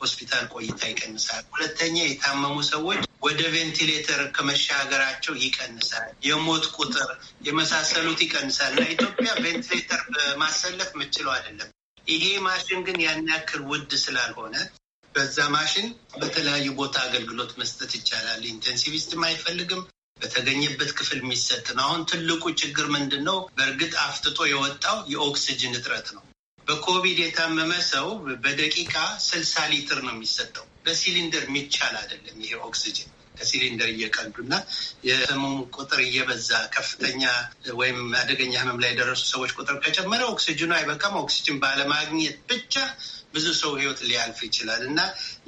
ሆስፒታል ቆይታ ይቀንሳል። ሁለተኛ የታመሙ ሰዎች ወደ ቬንቲሌተር ከመሻገራቸው ይቀንሳል። የሞት ቁጥር የመሳሰሉት ይቀንሳል እና ኢትዮጵያ ቬንቲሌተር ማሰለፍ ምችለው አይደለም። ይሄ ማሽን ግን ያን ያክል ውድ ስላልሆነ በዛ ማሽን በተለያዩ ቦታ አገልግሎት መስጠት ይቻላል። ኢንቴንሲቪስትም አይፈልግም። በተገኘበት ክፍል የሚሰጥ ነው። አሁን ትልቁ ችግር ምንድን ነው? በእርግጥ አፍጥጦ የወጣው የኦክስጅን እጥረት ነው። በኮቪድ የታመመ ሰው በደቂቃ ስልሳ ሊትር ነው የሚሰጠው። በሲሊንደር የሚቻል አይደለም ይሄ ኦክሲጅን ከሲሊንደር እየቀዱ እና የህመሙ ቁጥር እየበዛ ከፍተኛ ወይም አደገኛ ህመም ላይ የደረሱ ሰዎች ቁጥር ከጨመረ ኦክሲጅኑ አይበቃም። ኦክሲጅን ባለማግኘት ብቻ ብዙ ሰው ህይወት ሊያልፍ ይችላል እና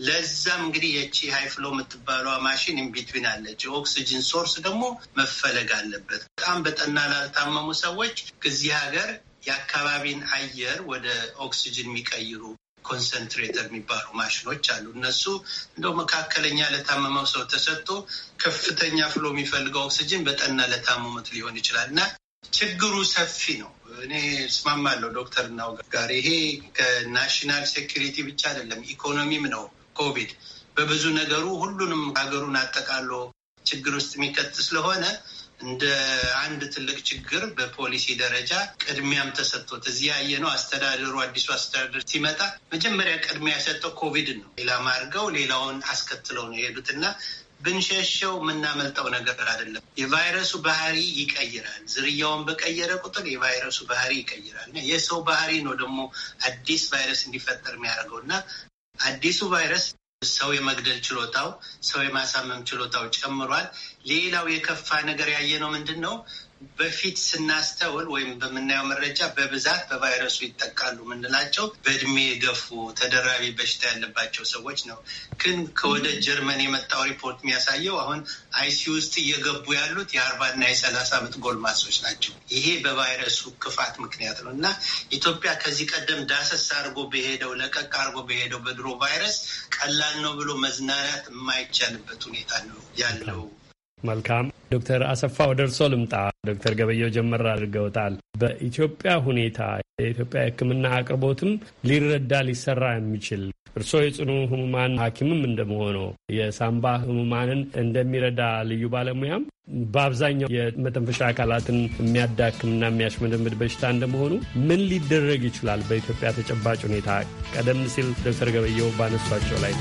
ለዛም እንግዲህ የቺ ሃይፍሎ የምትባሏ ማሽን ኢንቢትዊን አለች። የኦክሲጅን ሶርስ ደግሞ መፈለግ አለበት። በጣም በጠና ላልታመሙ ሰዎች ከዚህ ሀገር የአካባቢን አየር ወደ ኦክሲጅን የሚቀይሩ ኮንሰንትሬተር የሚባሉ ማሽኖች አሉ። እነሱ እንደው መካከለኛ ለታመመው ሰው ተሰጥቶ ከፍተኛ ፍሎ የሚፈልገው ኦክሲጅን በጠና ለታመሙት ሊሆን ይችላል እና ችግሩ ሰፊ ነው። እኔ እስማማለሁ ዶክተር ናው ጋር ይሄ ከናሽናል ሴኪሪቲ ብቻ አይደለም፣ ኢኮኖሚም ነው። ኮቪድ በብዙ ነገሩ ሁሉንም ሀገሩን አጠቃሎ ችግር ውስጥ የሚከት ስለሆነ እንደ አንድ ትልቅ ችግር በፖሊሲ ደረጃ ቅድሚያም ተሰጥቶት እዚህ ያየነው አስተዳደሩ አዲሱ አስተዳደር ሲመጣ መጀመሪያ ቅድሚያ የሰጠው ኮቪድን ነው ኢላማ አድርገው ሌላውን አስከትለው ነው የሄዱትና ብንሸሸው የምናመልጠው ነገር አይደለም። የቫይረሱ ባህሪ ይቀይራል። ዝርያውን በቀየረ ቁጥር የቫይረሱ ባህሪ ይቀይራል የሰው ባህሪ ነው ደግሞ አዲስ ቫይረስ እንዲፈጠር የሚያደርገው እና አዲሱ ቫይረስ ሰው የመግደል ችሎታው፣ ሰው የማሳመም ችሎታው ጨምሯል። ሌላው የከፋ ነገር ያየ ነው ምንድን ነው በፊት ስናስተውል ወይም በምናየው መረጃ በብዛት በቫይረሱ ይጠቃሉ የምንላቸው በእድሜ የገፉ ተደራቢ በሽታ ያለባቸው ሰዎች ነው። ግን ከወደ ጀርመን የመጣው ሪፖርት የሚያሳየው አሁን አይሲ ውስጥ እየገቡ ያሉት የአርባና የሰላሳ ዓመት ጎልማሶች ናቸው። ይሄ በቫይረሱ ክፋት ምክንያት ነው እና ኢትዮጵያ ከዚህ ቀደም ዳሰስ አድርጎ በሄደው ለቀቅ አድርጎ በሄደው በድሮ ቫይረስ ቀላል ነው ብሎ መዝናናት የማይቻልበት ሁኔታ ነው ያለው። መልካም ዶክተር አሰፋ ወደ እርሶ ልምጣ። ዶክተር ገበየው ጀመር አድርገውታል። በኢትዮጵያ ሁኔታ የኢትዮጵያ ህክምና አቅርቦትም ሊረዳ ሊሰራ የሚችል እርሶ የጽኑ ህሙማን ሐኪምም እንደመሆኑ የሳምባ ህሙማንን እንደሚረዳ ልዩ ባለሙያም በአብዛኛው የመተንፈሻ አካላትን የሚያዳክምና የሚያሽመደምድ በሽታ እንደመሆኑ ምን ሊደረግ ይችላል? በኢትዮጵያ ተጨባጭ ሁኔታ ቀደም ሲል ዶክተር ገበየው ባነሷቸው ላይ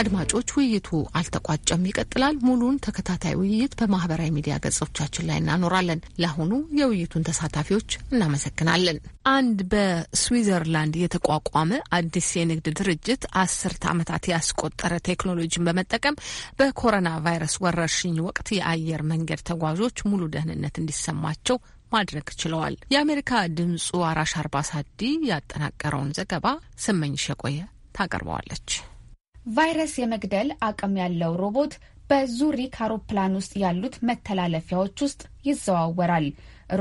አድማጮች፣ ውይይቱ አልተቋጨም፣ ይቀጥላል። ሙሉን ተከታታይ ውይይት በማህበራዊ ሚዲያ ገጾቻችን ላይ እናኖራለን። ለአሁኑ የውይይቱን ተሳታፊዎች እናመሰግናለን። አንድ በስዊዘርላንድ የተቋቋመ አዲስ የንግድ ድርጅት አስርተ ዓመታት ያስቆጠረ ቴክኖሎጂን በመጠቀም በኮሮና ቫይረስ ወረርሽኝ ወቅት የአየር መንገድ ተጓዦች ሙሉ ደህንነት እንዲሰማቸው ማድረግ ችለዋል። የአሜሪካ ድምፁ አራሽ አርባሳዲ ያጠናቀረውን ዘገባ ስመኝሽ የቆየ ታቀርበዋለች። ቫይረስ የመግደል አቅም ያለው ሮቦት በዙሪክ አውሮፕላን ውስጥ ያሉት መተላለፊያዎች ውስጥ ይዘዋወራል።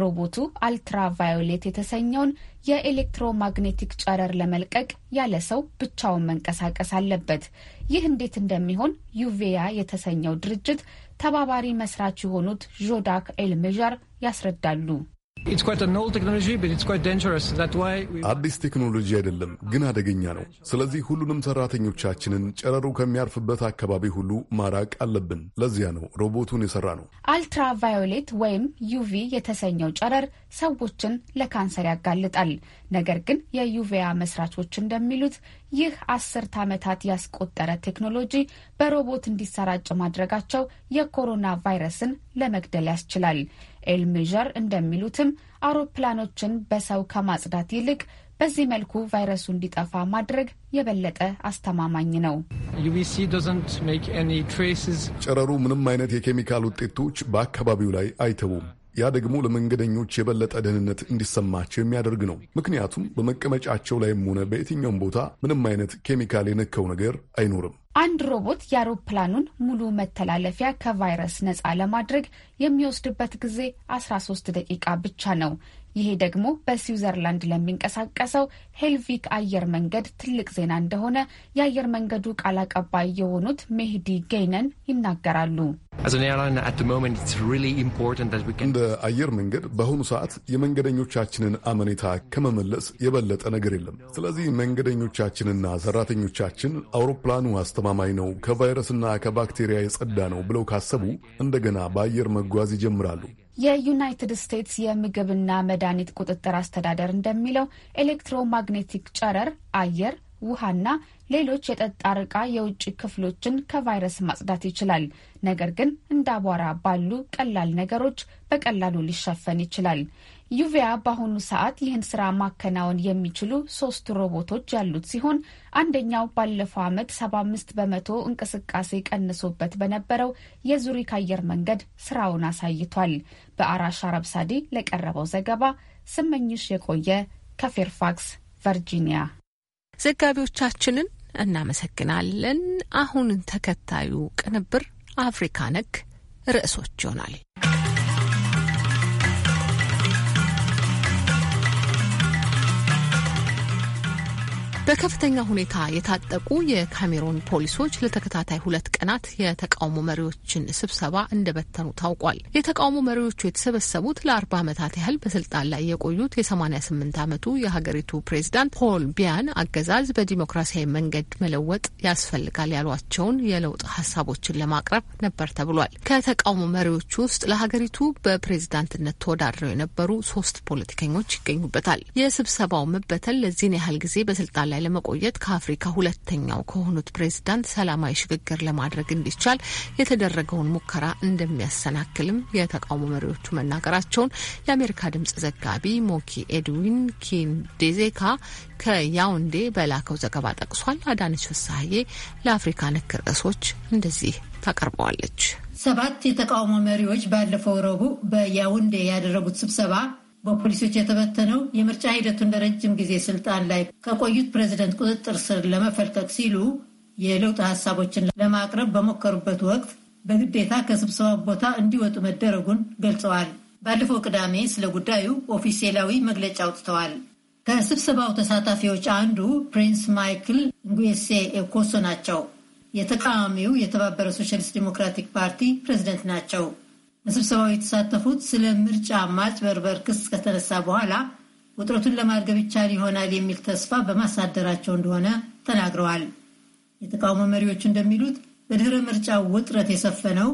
ሮቦቱ አልትራቫዮሌት የተሰኘውን የኤሌክትሮማግኔቲክ ጨረር ለመልቀቅ ያለ ሰው ብቻውን መንቀሳቀስ አለበት። ይህ እንዴት እንደሚሆን ዩቬያ የተሰኘው ድርጅት ተባባሪ መስራች የሆኑት ዦዳክ ኤልሜዣር ያስረዳሉ። አዲስ ቴክኖሎጂ አይደለም፣ ግን አደገኛ ነው። ስለዚህ ሁሉንም ሰራተኞቻችንን ጨረሩ ከሚያርፍበት አካባቢ ሁሉ ማራቅ አለብን። ለዚያ ነው ሮቦቱን የሰራ ነው። አልትራቫዮሌት ወይም ዩቪ የተሰኘው ጨረር ሰዎችን ለካንሰር ያጋልጣል። ነገር ግን የዩቪያ መስራቾች እንደሚሉት ይህ አስርት ዓመታት ያስቆጠረ ቴክኖሎጂ በሮቦት እንዲሰራጭ ማድረጋቸው የኮሮና ቫይረስን ለመግደል ያስችላል። ኤልሜዣር እንደሚሉትም አውሮፕላኖችን በሰው ከማጽዳት ይልቅ በዚህ መልኩ ቫይረሱ እንዲጠፋ ማድረግ የበለጠ አስተማማኝ ነው። ጨረሩ ምንም አይነት የኬሚካል ውጤቶች በአካባቢው ላይ አይተውም። ያ ደግሞ ለመንገደኞች የበለጠ ደህንነት እንዲሰማቸው የሚያደርግ ነው። ምክንያቱም በመቀመጫቸው ላይም ሆነ በየትኛውም ቦታ ምንም አይነት ኬሚካል የነካው ነገር አይኖርም። አንድ ሮቦት የአውሮፕላኑን ሙሉ መተላለፊያ ከቫይረስ ነፃ ለማድረግ የሚወስድበት ጊዜ 13 ደቂቃ ብቻ ነው። ይሄ ደግሞ በስዊዘርላንድ ለሚንቀሳቀሰው ሄልቪክ አየር መንገድ ትልቅ ዜና እንደሆነ የአየር መንገዱ ቃል አቀባይ የሆኑት ሜህዲ ጌይነን ይናገራሉ። እንደ አየር መንገድ በአሁኑ ሰዓት የመንገደኞቻችንን አመኔታ ከመመለስ የበለጠ ነገር የለም። ስለዚህ መንገደኞቻችንና ሰራተኞቻችን አውሮፕላኑ አስተማማኝ ነው፣ ከቫይረስና ከባክቴሪያ የጸዳ ነው ብለው ካሰቡ እንደገና በአየር መጓዝ ይጀምራሉ። የዩናይትድ ስቴትስ የምግብና መድኃኒት ቁጥጥር አስተዳደር እንደሚለው ኤሌክትሮማግኔቲክ ጨረር አየር፣ ውሃና ሌሎች የጠጣር ዕቃ የውጭ ክፍሎችን ከቫይረስ ማጽዳት ይችላል። ነገር ግን እንደ አቧራ ባሉ ቀላል ነገሮች በቀላሉ ሊሸፈን ይችላል። ዩቪያ በአሁኑ ሰዓት ይህን ስራ ማከናወን የሚችሉ ሶስት ሮቦቶች ያሉት ሲሆን አንደኛው ባለፈው ዓመት 75 በመቶ እንቅስቃሴ ቀንሶበት በነበረው የዙሪክ አየር መንገድ ስራውን አሳይቷል። በአራሽ አረብ ለቀረበው ዘገባ ስመኝሽ የቆየ ከፌርፋክስ ቨርጂኒያ። ዘጋቢዎቻችንን እናመሰግናለን። አሁን ተከታዩ ቅንብር አፍሪካ ነክ ርዕሶች ይሆናል። በከፍተኛ ሁኔታ የታጠቁ የካሜሮን ፖሊሶች ለተከታታይ ሁለት ቀናት የተቃውሞ መሪዎችን ስብሰባ እንደበተኑ ታውቋል። የተቃውሞ መሪዎቹ የተሰበሰቡት ለአርባ ዓመታት ያህል በስልጣን ላይ የቆዩት የ88 ዓመቱ የሀገሪቱ ፕሬዚዳንት ፖል ቢያን አገዛዝ በዲሞክራሲያዊ መንገድ መለወጥ ያስፈልጋል ያሏቸውን የለውጥ ሀሳቦችን ለማቅረብ ነበር ተብሏል። ከተቃውሞ መሪዎቹ ውስጥ ለሀገሪቱ በፕሬዝዳንትነት ተወዳድረው የነበሩ ሶስት ፖለቲከኞች ይገኙበታል። የስብሰባው መበተን ለዚህን ያህል ጊዜ በስልጣን ላይ ለመቆየት ከአፍሪካ ሁለተኛው ከሆኑት ፕሬዝዳንት ሰላማዊ ሽግግር ለማድረግ እንዲቻል የተደረገውን ሙከራ እንደሚያሰናክልም የተቃውሞ መሪዎቹ መናገራቸውን የአሜሪካ ድምጽ ዘጋቢ ሞኪ ኤድዊን ኪንዴዜካ ከያውንዴ በላከው ዘገባ ጠቅሷል። አዳነች ፍሳሀዬ ለአፍሪካ ነክ ርዕሶች እንደዚህ ታቀርበዋለች። ሰባት የተቃውሞ መሪዎች ባለፈው ረቡዕ በያውንዴ ያደረጉት ስብሰባ በፖሊሶች የተበተነው የምርጫ ሂደቱን ለረጅም ጊዜ ስልጣን ላይ ከቆዩት ፕሬዚደንት ቁጥጥር ስር ለመፈልቀቅ ሲሉ የለውጥ ሀሳቦችን ለማቅረብ በሞከሩበት ወቅት በግዴታ ከስብሰባ ቦታ እንዲወጡ መደረጉን ገልጸዋል። ባለፈው ቅዳሜ ስለ ጉዳዩ ኦፊሴላዊ መግለጫ አውጥተዋል። ከስብሰባው ተሳታፊዎች አንዱ ፕሪንስ ማይክል ንጉሴ ኤኮሶ ናቸው። የተቃዋሚው የተባበረ ሶሻሊስት ዲሞክራቲክ ፓርቲ ፕሬዚደንት ናቸው። በስብሰባው የተሳተፉት ስለ ምርጫ ማጭበርበር ክስ ከተነሳ በኋላ ውጥረቱን ለማርገብ ይቻል ይሆናል የሚል ተስፋ በማሳደራቸው እንደሆነ ተናግረዋል። የተቃውሞ መሪዎች እንደሚሉት በድህረ ምርጫው ውጥረት የሰፈነው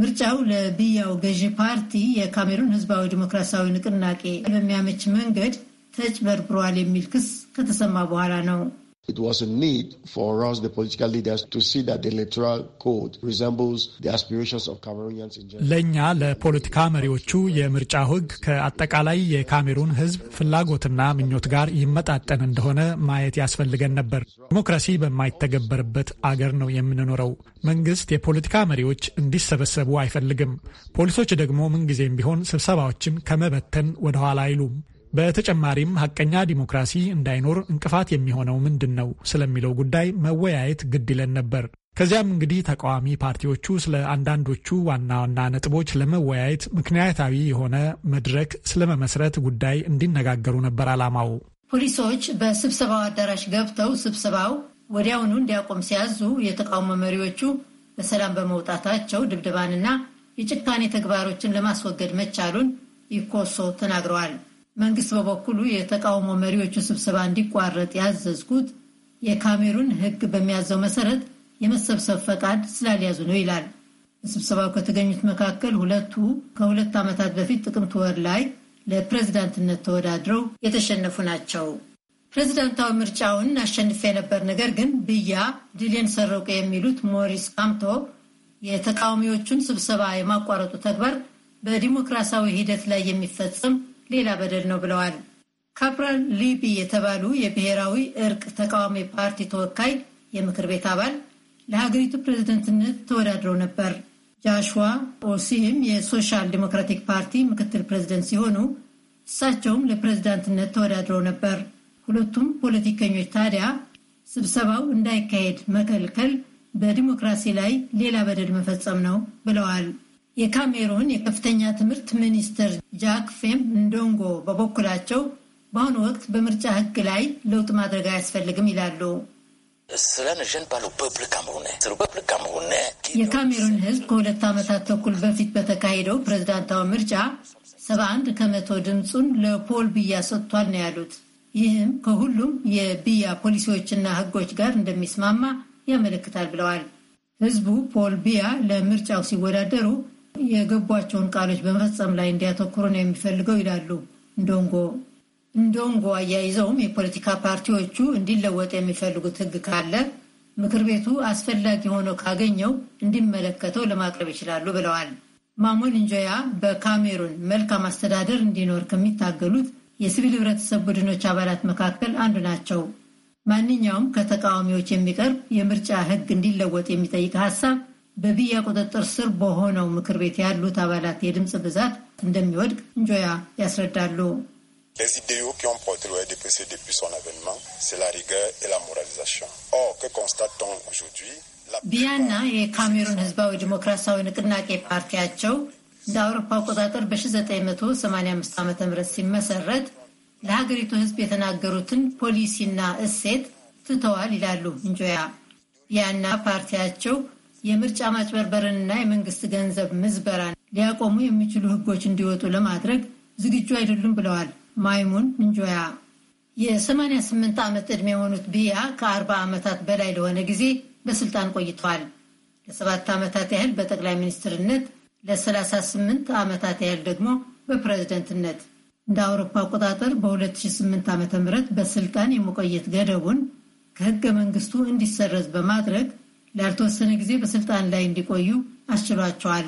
ምርጫው ለብያው ገዢ ፓርቲ የካሜሩን ህዝባዊ ዲሞክራሲያዊ ንቅናቄ በሚያመች መንገድ ተጭበርብሯል የሚል ክስ ከተሰማ በኋላ ነው። It was a need for us, the political leaders, to see that the electoral code resembles the aspirations of Cameroonians in general. ለእኛ ለፖለቲካ መሪዎቹ የምርጫ ሕግ ከአጠቃላይ የካሜሩን ሕዝብ ፍላጎትና ምኞት ጋር ይመጣጠን እንደሆነ ማየት ያስፈልገን ነበር። ዲሞክራሲ በማይተገበርበት አገር ነው የምንኖረው። መንግስት የፖለቲካ መሪዎች እንዲሰበሰቡ አይፈልግም። ፖሊሶች ደግሞ ምንጊዜም ቢሆን ስብሰባዎችን ከመበተን ወደኋላ አይሉም። በተጨማሪም ሀቀኛ ዲሞክራሲ እንዳይኖር እንቅፋት የሚሆነው ምንድን ነው ስለሚለው ጉዳይ መወያየት ግድ ይለን ነበር። ከዚያም እንግዲህ ተቃዋሚ ፓርቲዎቹ ስለ አንዳንዶቹ ዋና ዋና ነጥቦች ለመወያየት ምክንያታዊ የሆነ መድረክ ስለመመስረት ጉዳይ እንዲነጋገሩ ነበር አላማው ፖሊሶች በስብሰባው አዳራሽ ገብተው ስብሰባው ወዲያውኑ እንዲያቆም ሲያዙ የተቃውሞ መሪዎቹ በሰላም በመውጣታቸው ድብድባንና የጭካኔ ተግባሮችን ለማስወገድ መቻሉን ይኮሶ ተናግረዋል። መንግስት በበኩሉ የተቃውሞ መሪዎቹ ስብሰባ እንዲቋረጥ ያዘዝኩት የካሜሩን ህግ በሚያዘው መሰረት የመሰብሰብ ፈቃድ ስላልያዙ ነው ይላል። በስብሰባው ከተገኙት መካከል ሁለቱ ከሁለት ዓመታት በፊት ጥቅምት ወር ላይ ለፕሬዝዳንትነት ተወዳድረው የተሸነፉ ናቸው። ፕሬዝዳንታዊ ምርጫውን አሸንፌ ነበር፣ ነገር ግን ብያ ድሌን ሰረቀ የሚሉት ሞሪስ ካምቶ የተቃዋሚዎቹን ስብሰባ የማቋረጡ ተግባር በዲሞክራሲያዊ ሂደት ላይ የሚፈጽም ሌላ በደል ነው ብለዋል። ካፕራል ሊቢ የተባሉ የብሔራዊ እርቅ ተቃዋሚ ፓርቲ ተወካይ የምክር ቤት አባል ለሀገሪቱ ፕሬዝደንትነት ተወዳድረው ነበር። ጃሽዋ ኦሲህም የሶሻል ዲሞክራቲክ ፓርቲ ምክትል ፕሬዝደንት ሲሆኑ እሳቸውም ለፕሬዝዳንትነት ተወዳድረው ነበር። ሁለቱም ፖለቲከኞች ታዲያ ስብሰባው እንዳይካሄድ መከልከል በዲሞክራሲ ላይ ሌላ በደል መፈጸም ነው ብለዋል። የካሜሩን የከፍተኛ ትምህርት ሚኒስትር ጃክ ፌም እንዶንጎ በበኩላቸው በአሁኑ ወቅት በምርጫ ሕግ ላይ ለውጥ ማድረግ አያስፈልግም ይላሉ። የካሜሩን ሕዝብ ከሁለት ዓመታት ተኩል በፊት በተካሄደው ፕሬዝዳንታዊ ምርጫ 71 ከመቶ ድምፁን ለፖል ብያ ሰጥቷል ነው ያሉት። ይህም ከሁሉም የብያ ፖሊሲዎችና ሕጎች ጋር እንደሚስማማ ያመለክታል ብለዋል። ህዝቡ ፖል ቢያ ለምርጫው ሲወዳደሩ የገቧቸውን ቃሎች በመፈጸም ላይ እንዲያተኩሩ ነው የሚፈልገው ይላሉ እንዶንጎ። እንዶንጎ አያይዘውም የፖለቲካ ፓርቲዎቹ እንዲለወጥ የሚፈልጉት ሕግ ካለ ምክር ቤቱ አስፈላጊ ሆኖ ካገኘው እንዲመለከተው ለማቅረብ ይችላሉ ብለዋል። ማሞን እንጆያ በካሜሩን መልካም አስተዳደር እንዲኖር ከሚታገሉት የሲቪል ህብረተሰብ ቡድኖች አባላት መካከል አንዱ ናቸው። ማንኛውም ከተቃዋሚዎች የሚቀርብ የምርጫ ህግ እንዲለወጥ የሚጠይቅ ሀሳብ በብያ ቁጥጥር ስር በሆነው ምክር ቤት ያሉት አባላት የድምፅ ብዛት እንደሚወድቅ እንጆያ ያስረዳሉ። Les idéaux qui ont porté depuis son avènement, c'est la rigueur et la moralisation. Or, que aujourd'hui? ቢያና የካሜሩን ህዝባዊ ዲሞክራሲያዊ ንቅናቄ ፓርቲያቸው እንደ አውሮፓ አቆጣጠር በ1985 ዓ ም ሲመሰረት ለሀገሪቱ ህዝብ የተናገሩትን ፖሊሲና እሴት ትተዋል ይላሉ እንጆያ። ቢያና ፓርቲያቸው የምርጫ ማጭበርበርንና የመንግስት ገንዘብ ምዝበራን ሊያቆሙ የሚችሉ ህጎች እንዲወጡ ለማድረግ ዝግጁ አይደሉም ብለዋል ማይሙን ምንጆያ። የ88 ዓመት ዕድሜ የሆኑት ቢያ ከ40 ዓመታት በላይ ለሆነ ጊዜ በስልጣን ቆይተዋል። ለሰባት ዓመታት ያህል በጠቅላይ ሚኒስትርነት፣ ለ38 ዓመታት ያህል ደግሞ በፕሬዝደንትነት እንደ አውሮፓ አቆጣጠር በ2008 ዓ ም በስልጣን የመቆየት ገደቡን ከህገ መንግስቱ እንዲሰረዝ በማድረግ ላልተወሰነ ጊዜ በስልጣን ላይ እንዲቆዩ አስችሏቸዋል።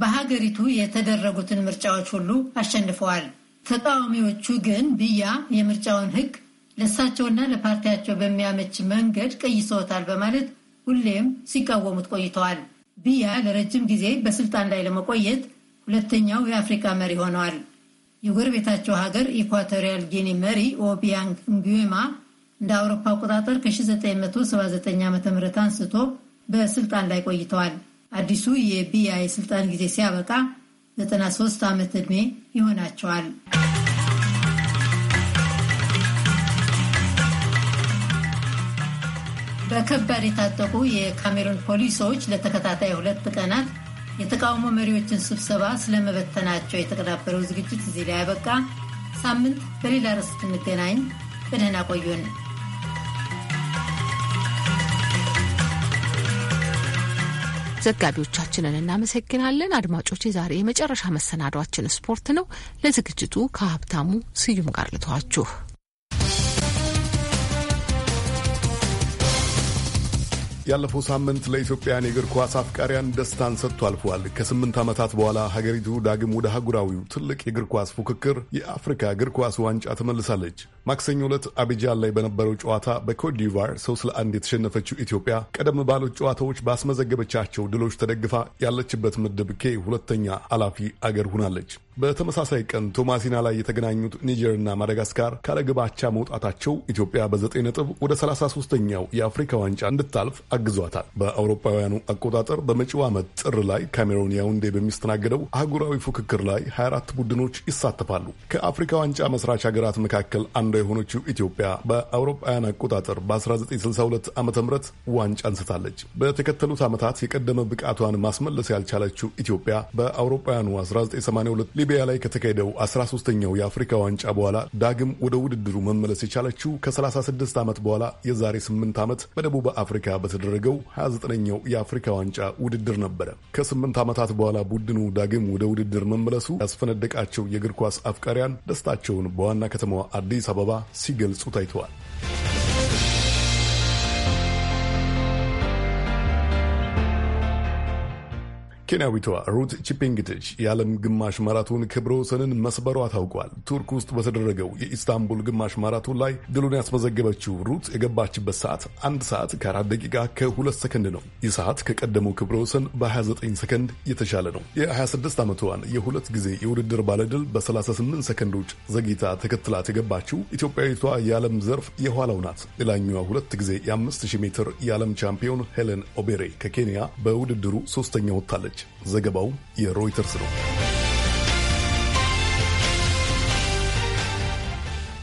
በሀገሪቱ የተደረጉትን ምርጫዎች ሁሉ አሸንፈዋል። ተቃዋሚዎቹ ግን ብያ የምርጫውን ሕግ ለእሳቸውና ለፓርቲያቸው በሚያመች መንገድ ቀይሰውታል በማለት ሁሌም ሲቃወሙት ቆይተዋል። ብያ ለረጅም ጊዜ በስልጣን ላይ ለመቆየት ሁለተኛው የአፍሪካ መሪ ሆነዋል። የጎረቤታቸው ሀገር ኢኳቶሪያል ጊኒ መሪ ኦቢያንግ ንጉማ እንደ አውሮፓ አቆጣጠር ከ1979 ም አንስቶ በስልጣን ላይ ቆይተዋል። አዲሱ የቢያ የስልጣን ጊዜ ሲያበቃ 93 ዓመት ዕድሜ ይሆናቸዋል። በከባድ የታጠቁ የካሜሩን ፖሊሶች ለተከታታይ ሁለት ቀናት የተቃውሞ መሪዎችን ስብሰባ ስለመበተናቸው የተቀናበረው ዝግጅት እዚህ ላይ ያበቃ። ሳምንት በሌላ ርዕስ እንገናኝ። በደህና ቆዩን። ዘጋቢዎቻችንን እናመሰግናለን። አድማጮች፣ የዛሬ የመጨረሻ መሰናዷችን ስፖርት ነው። ለዝግጅቱ ከሀብታሙ ስዩም ጋር ልተዋችሁ። ያለፈው ሳምንት ለኢትዮጵያን የእግር ኳስ አፍቃሪያን ደስታን ሰጥቶ አልፏል። ከስምንት ዓመታት በኋላ ሀገሪቱ ዳግም ወደ አህጉራዊው ትልቅ የእግር ኳስ ፉክክር የአፍሪካ እግር ኳስ ዋንጫ ተመልሳለች። ማክሰኞ ዕለት አቢጃን ላይ በነበረው ጨዋታ በኮትዲቫር ሶስት ለአንድ የተሸነፈችው ኢትዮጵያ ቀደም ባሉት ጨዋታዎች ባስመዘገበቻቸው ድሎች ተደግፋ ያለችበት ምድብ ኬ ሁለተኛ አላፊ አገር ሆናለች። በተመሳሳይ ቀን ቶማሲና ላይ የተገናኙት ኒጀርና ማዳጋስካር ካለግባቻ መውጣታቸው ኢትዮጵያ በዘጠኝ ነጥብ ወደ 33ኛው የአፍሪካ ዋንጫ እንድታልፍ አግዟታል። በአውሮፓውያኑ አቆጣጠር በመጪው ዓመት ጥር ላይ ካሜሮን ያውንዴ በሚስተናገደው አህጉራዊ ፉክክር ላይ 24 ቡድኖች ይሳተፋሉ። ከአፍሪካ ዋንጫ መስራች ሀገራት መካከል አንዷ የሆነችው ኢትዮጵያ በአውሮፓውያን አቆጣጠር በ1962 ዓ ም ዋንጫ አንስታለች። በተከተሉት ዓመታት የቀደመ ብቃቷን ማስመለስ ያልቻለችው ኢትዮጵያ በአውሮፓውያኑ 1982 ሊቢያ ላይ ከተካሄደው 13ኛው የአፍሪካ ዋንጫ በኋላ ዳግም ወደ ውድድሩ መመለስ የቻለችው ከ36 ዓመት በኋላ የዛሬ 8 ዓመት በደቡብ አፍሪካ በተደረገው 29ኛው የአፍሪካ ዋንጫ ውድድር ነበረ። ከ8 ዓመታት በኋላ ቡድኑ ዳግም ወደ ውድድር መመለሱ ያስፈነደቃቸው የእግር ኳስ አፍቃሪያን ደስታቸውን በዋና ከተማዋ አዲስ አበባ አበባ ሲገልጹ ታይተዋል። ኬንያዊቷ ሩት ቺፔንግቴች የዓለም ግማሽ ማራቶን ክብረ ወሰንን መስበሯ ታውቋል። ቱርክ ውስጥ በተደረገው የኢስታንቡል ግማሽ ማራቶን ላይ ድሉን ያስመዘገበችው ሩት የገባችበት ሰዓት አንድ ሰዓት ከአራት ደቂቃ ከሁለት ሰከንድ ነው። ይህ ሰዓት ከቀደመው ክብረ ወሰን በ29 ሰከንድ የተሻለ ነው። የ26 ዓመቷን የሁለት ጊዜ የውድድር ባለድል በ38 ሰከንዶች ዘግይታ ተከትላት የገባችው ኢትዮጵያዊቷ የዓለም ዘርፍ የኋላው ናት። ሌላኛዋ ሁለት ጊዜ የ5000 ሜትር የዓለም ቻምፒዮን ሄለን ኦቤሬ ከኬንያ በውድድሩ ሶስተኛ ወጥታለች። ዘገባው የሮይተርስ ነው።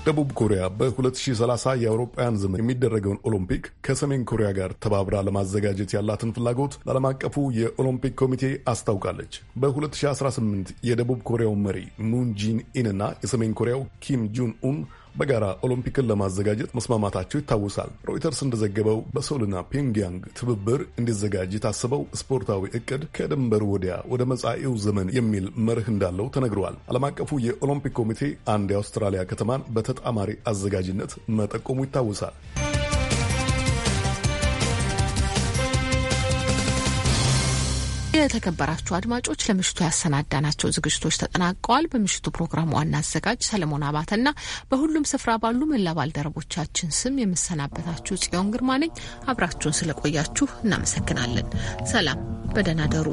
ደቡብ ኮሪያ በ2030 የአውሮፓውያን ዘመን የሚደረገውን ኦሎምፒክ ከሰሜን ኮሪያ ጋር ተባብራ ለማዘጋጀት ያላትን ፍላጎት ለዓለም አቀፉ የኦሎምፒክ ኮሚቴ አስታውቃለች። በ2018 የደቡብ ኮሪያው መሪ ሙን ጂን ኢንና የሰሜን ኮሪያው ኪም ጁን ኡን በጋራ ኦሎምፒክን ለማዘጋጀት መስማማታቸው ይታወሳል። ሮይተርስ እንደዘገበው በሶልና ፒዮንግያንግ ትብብር እንዲዘጋጅ የታሰበው ስፖርታዊ እቅድ ከድንበር ወዲያ ወደ መጻኤው ዘመን የሚል መርህ እንዳለው ተነግረዋል። ዓለም አቀፉ የኦሎምፒክ ኮሚቴ አንድ የአውስትራሊያ ከተማን በተጣማሪ አዘጋጅነት መጠቆሙ ይታወሳል። የተከበራችሁ አድማጮች ለምሽቱ ያሰናዳናቸው ዝግጅቶች ተጠናቀዋል። በምሽቱ ፕሮግራም ዋና አዘጋጅ ሰለሞን አባተና በሁሉም ስፍራ ባሉ መላ ባልደረቦቻችን ስም የምሰናበታችሁ ጽዮን ግርማ ነኝ። አብራችሁን ስለቆያችሁ እናመሰግናለን። ሰላም፣ በደህና ደሩ።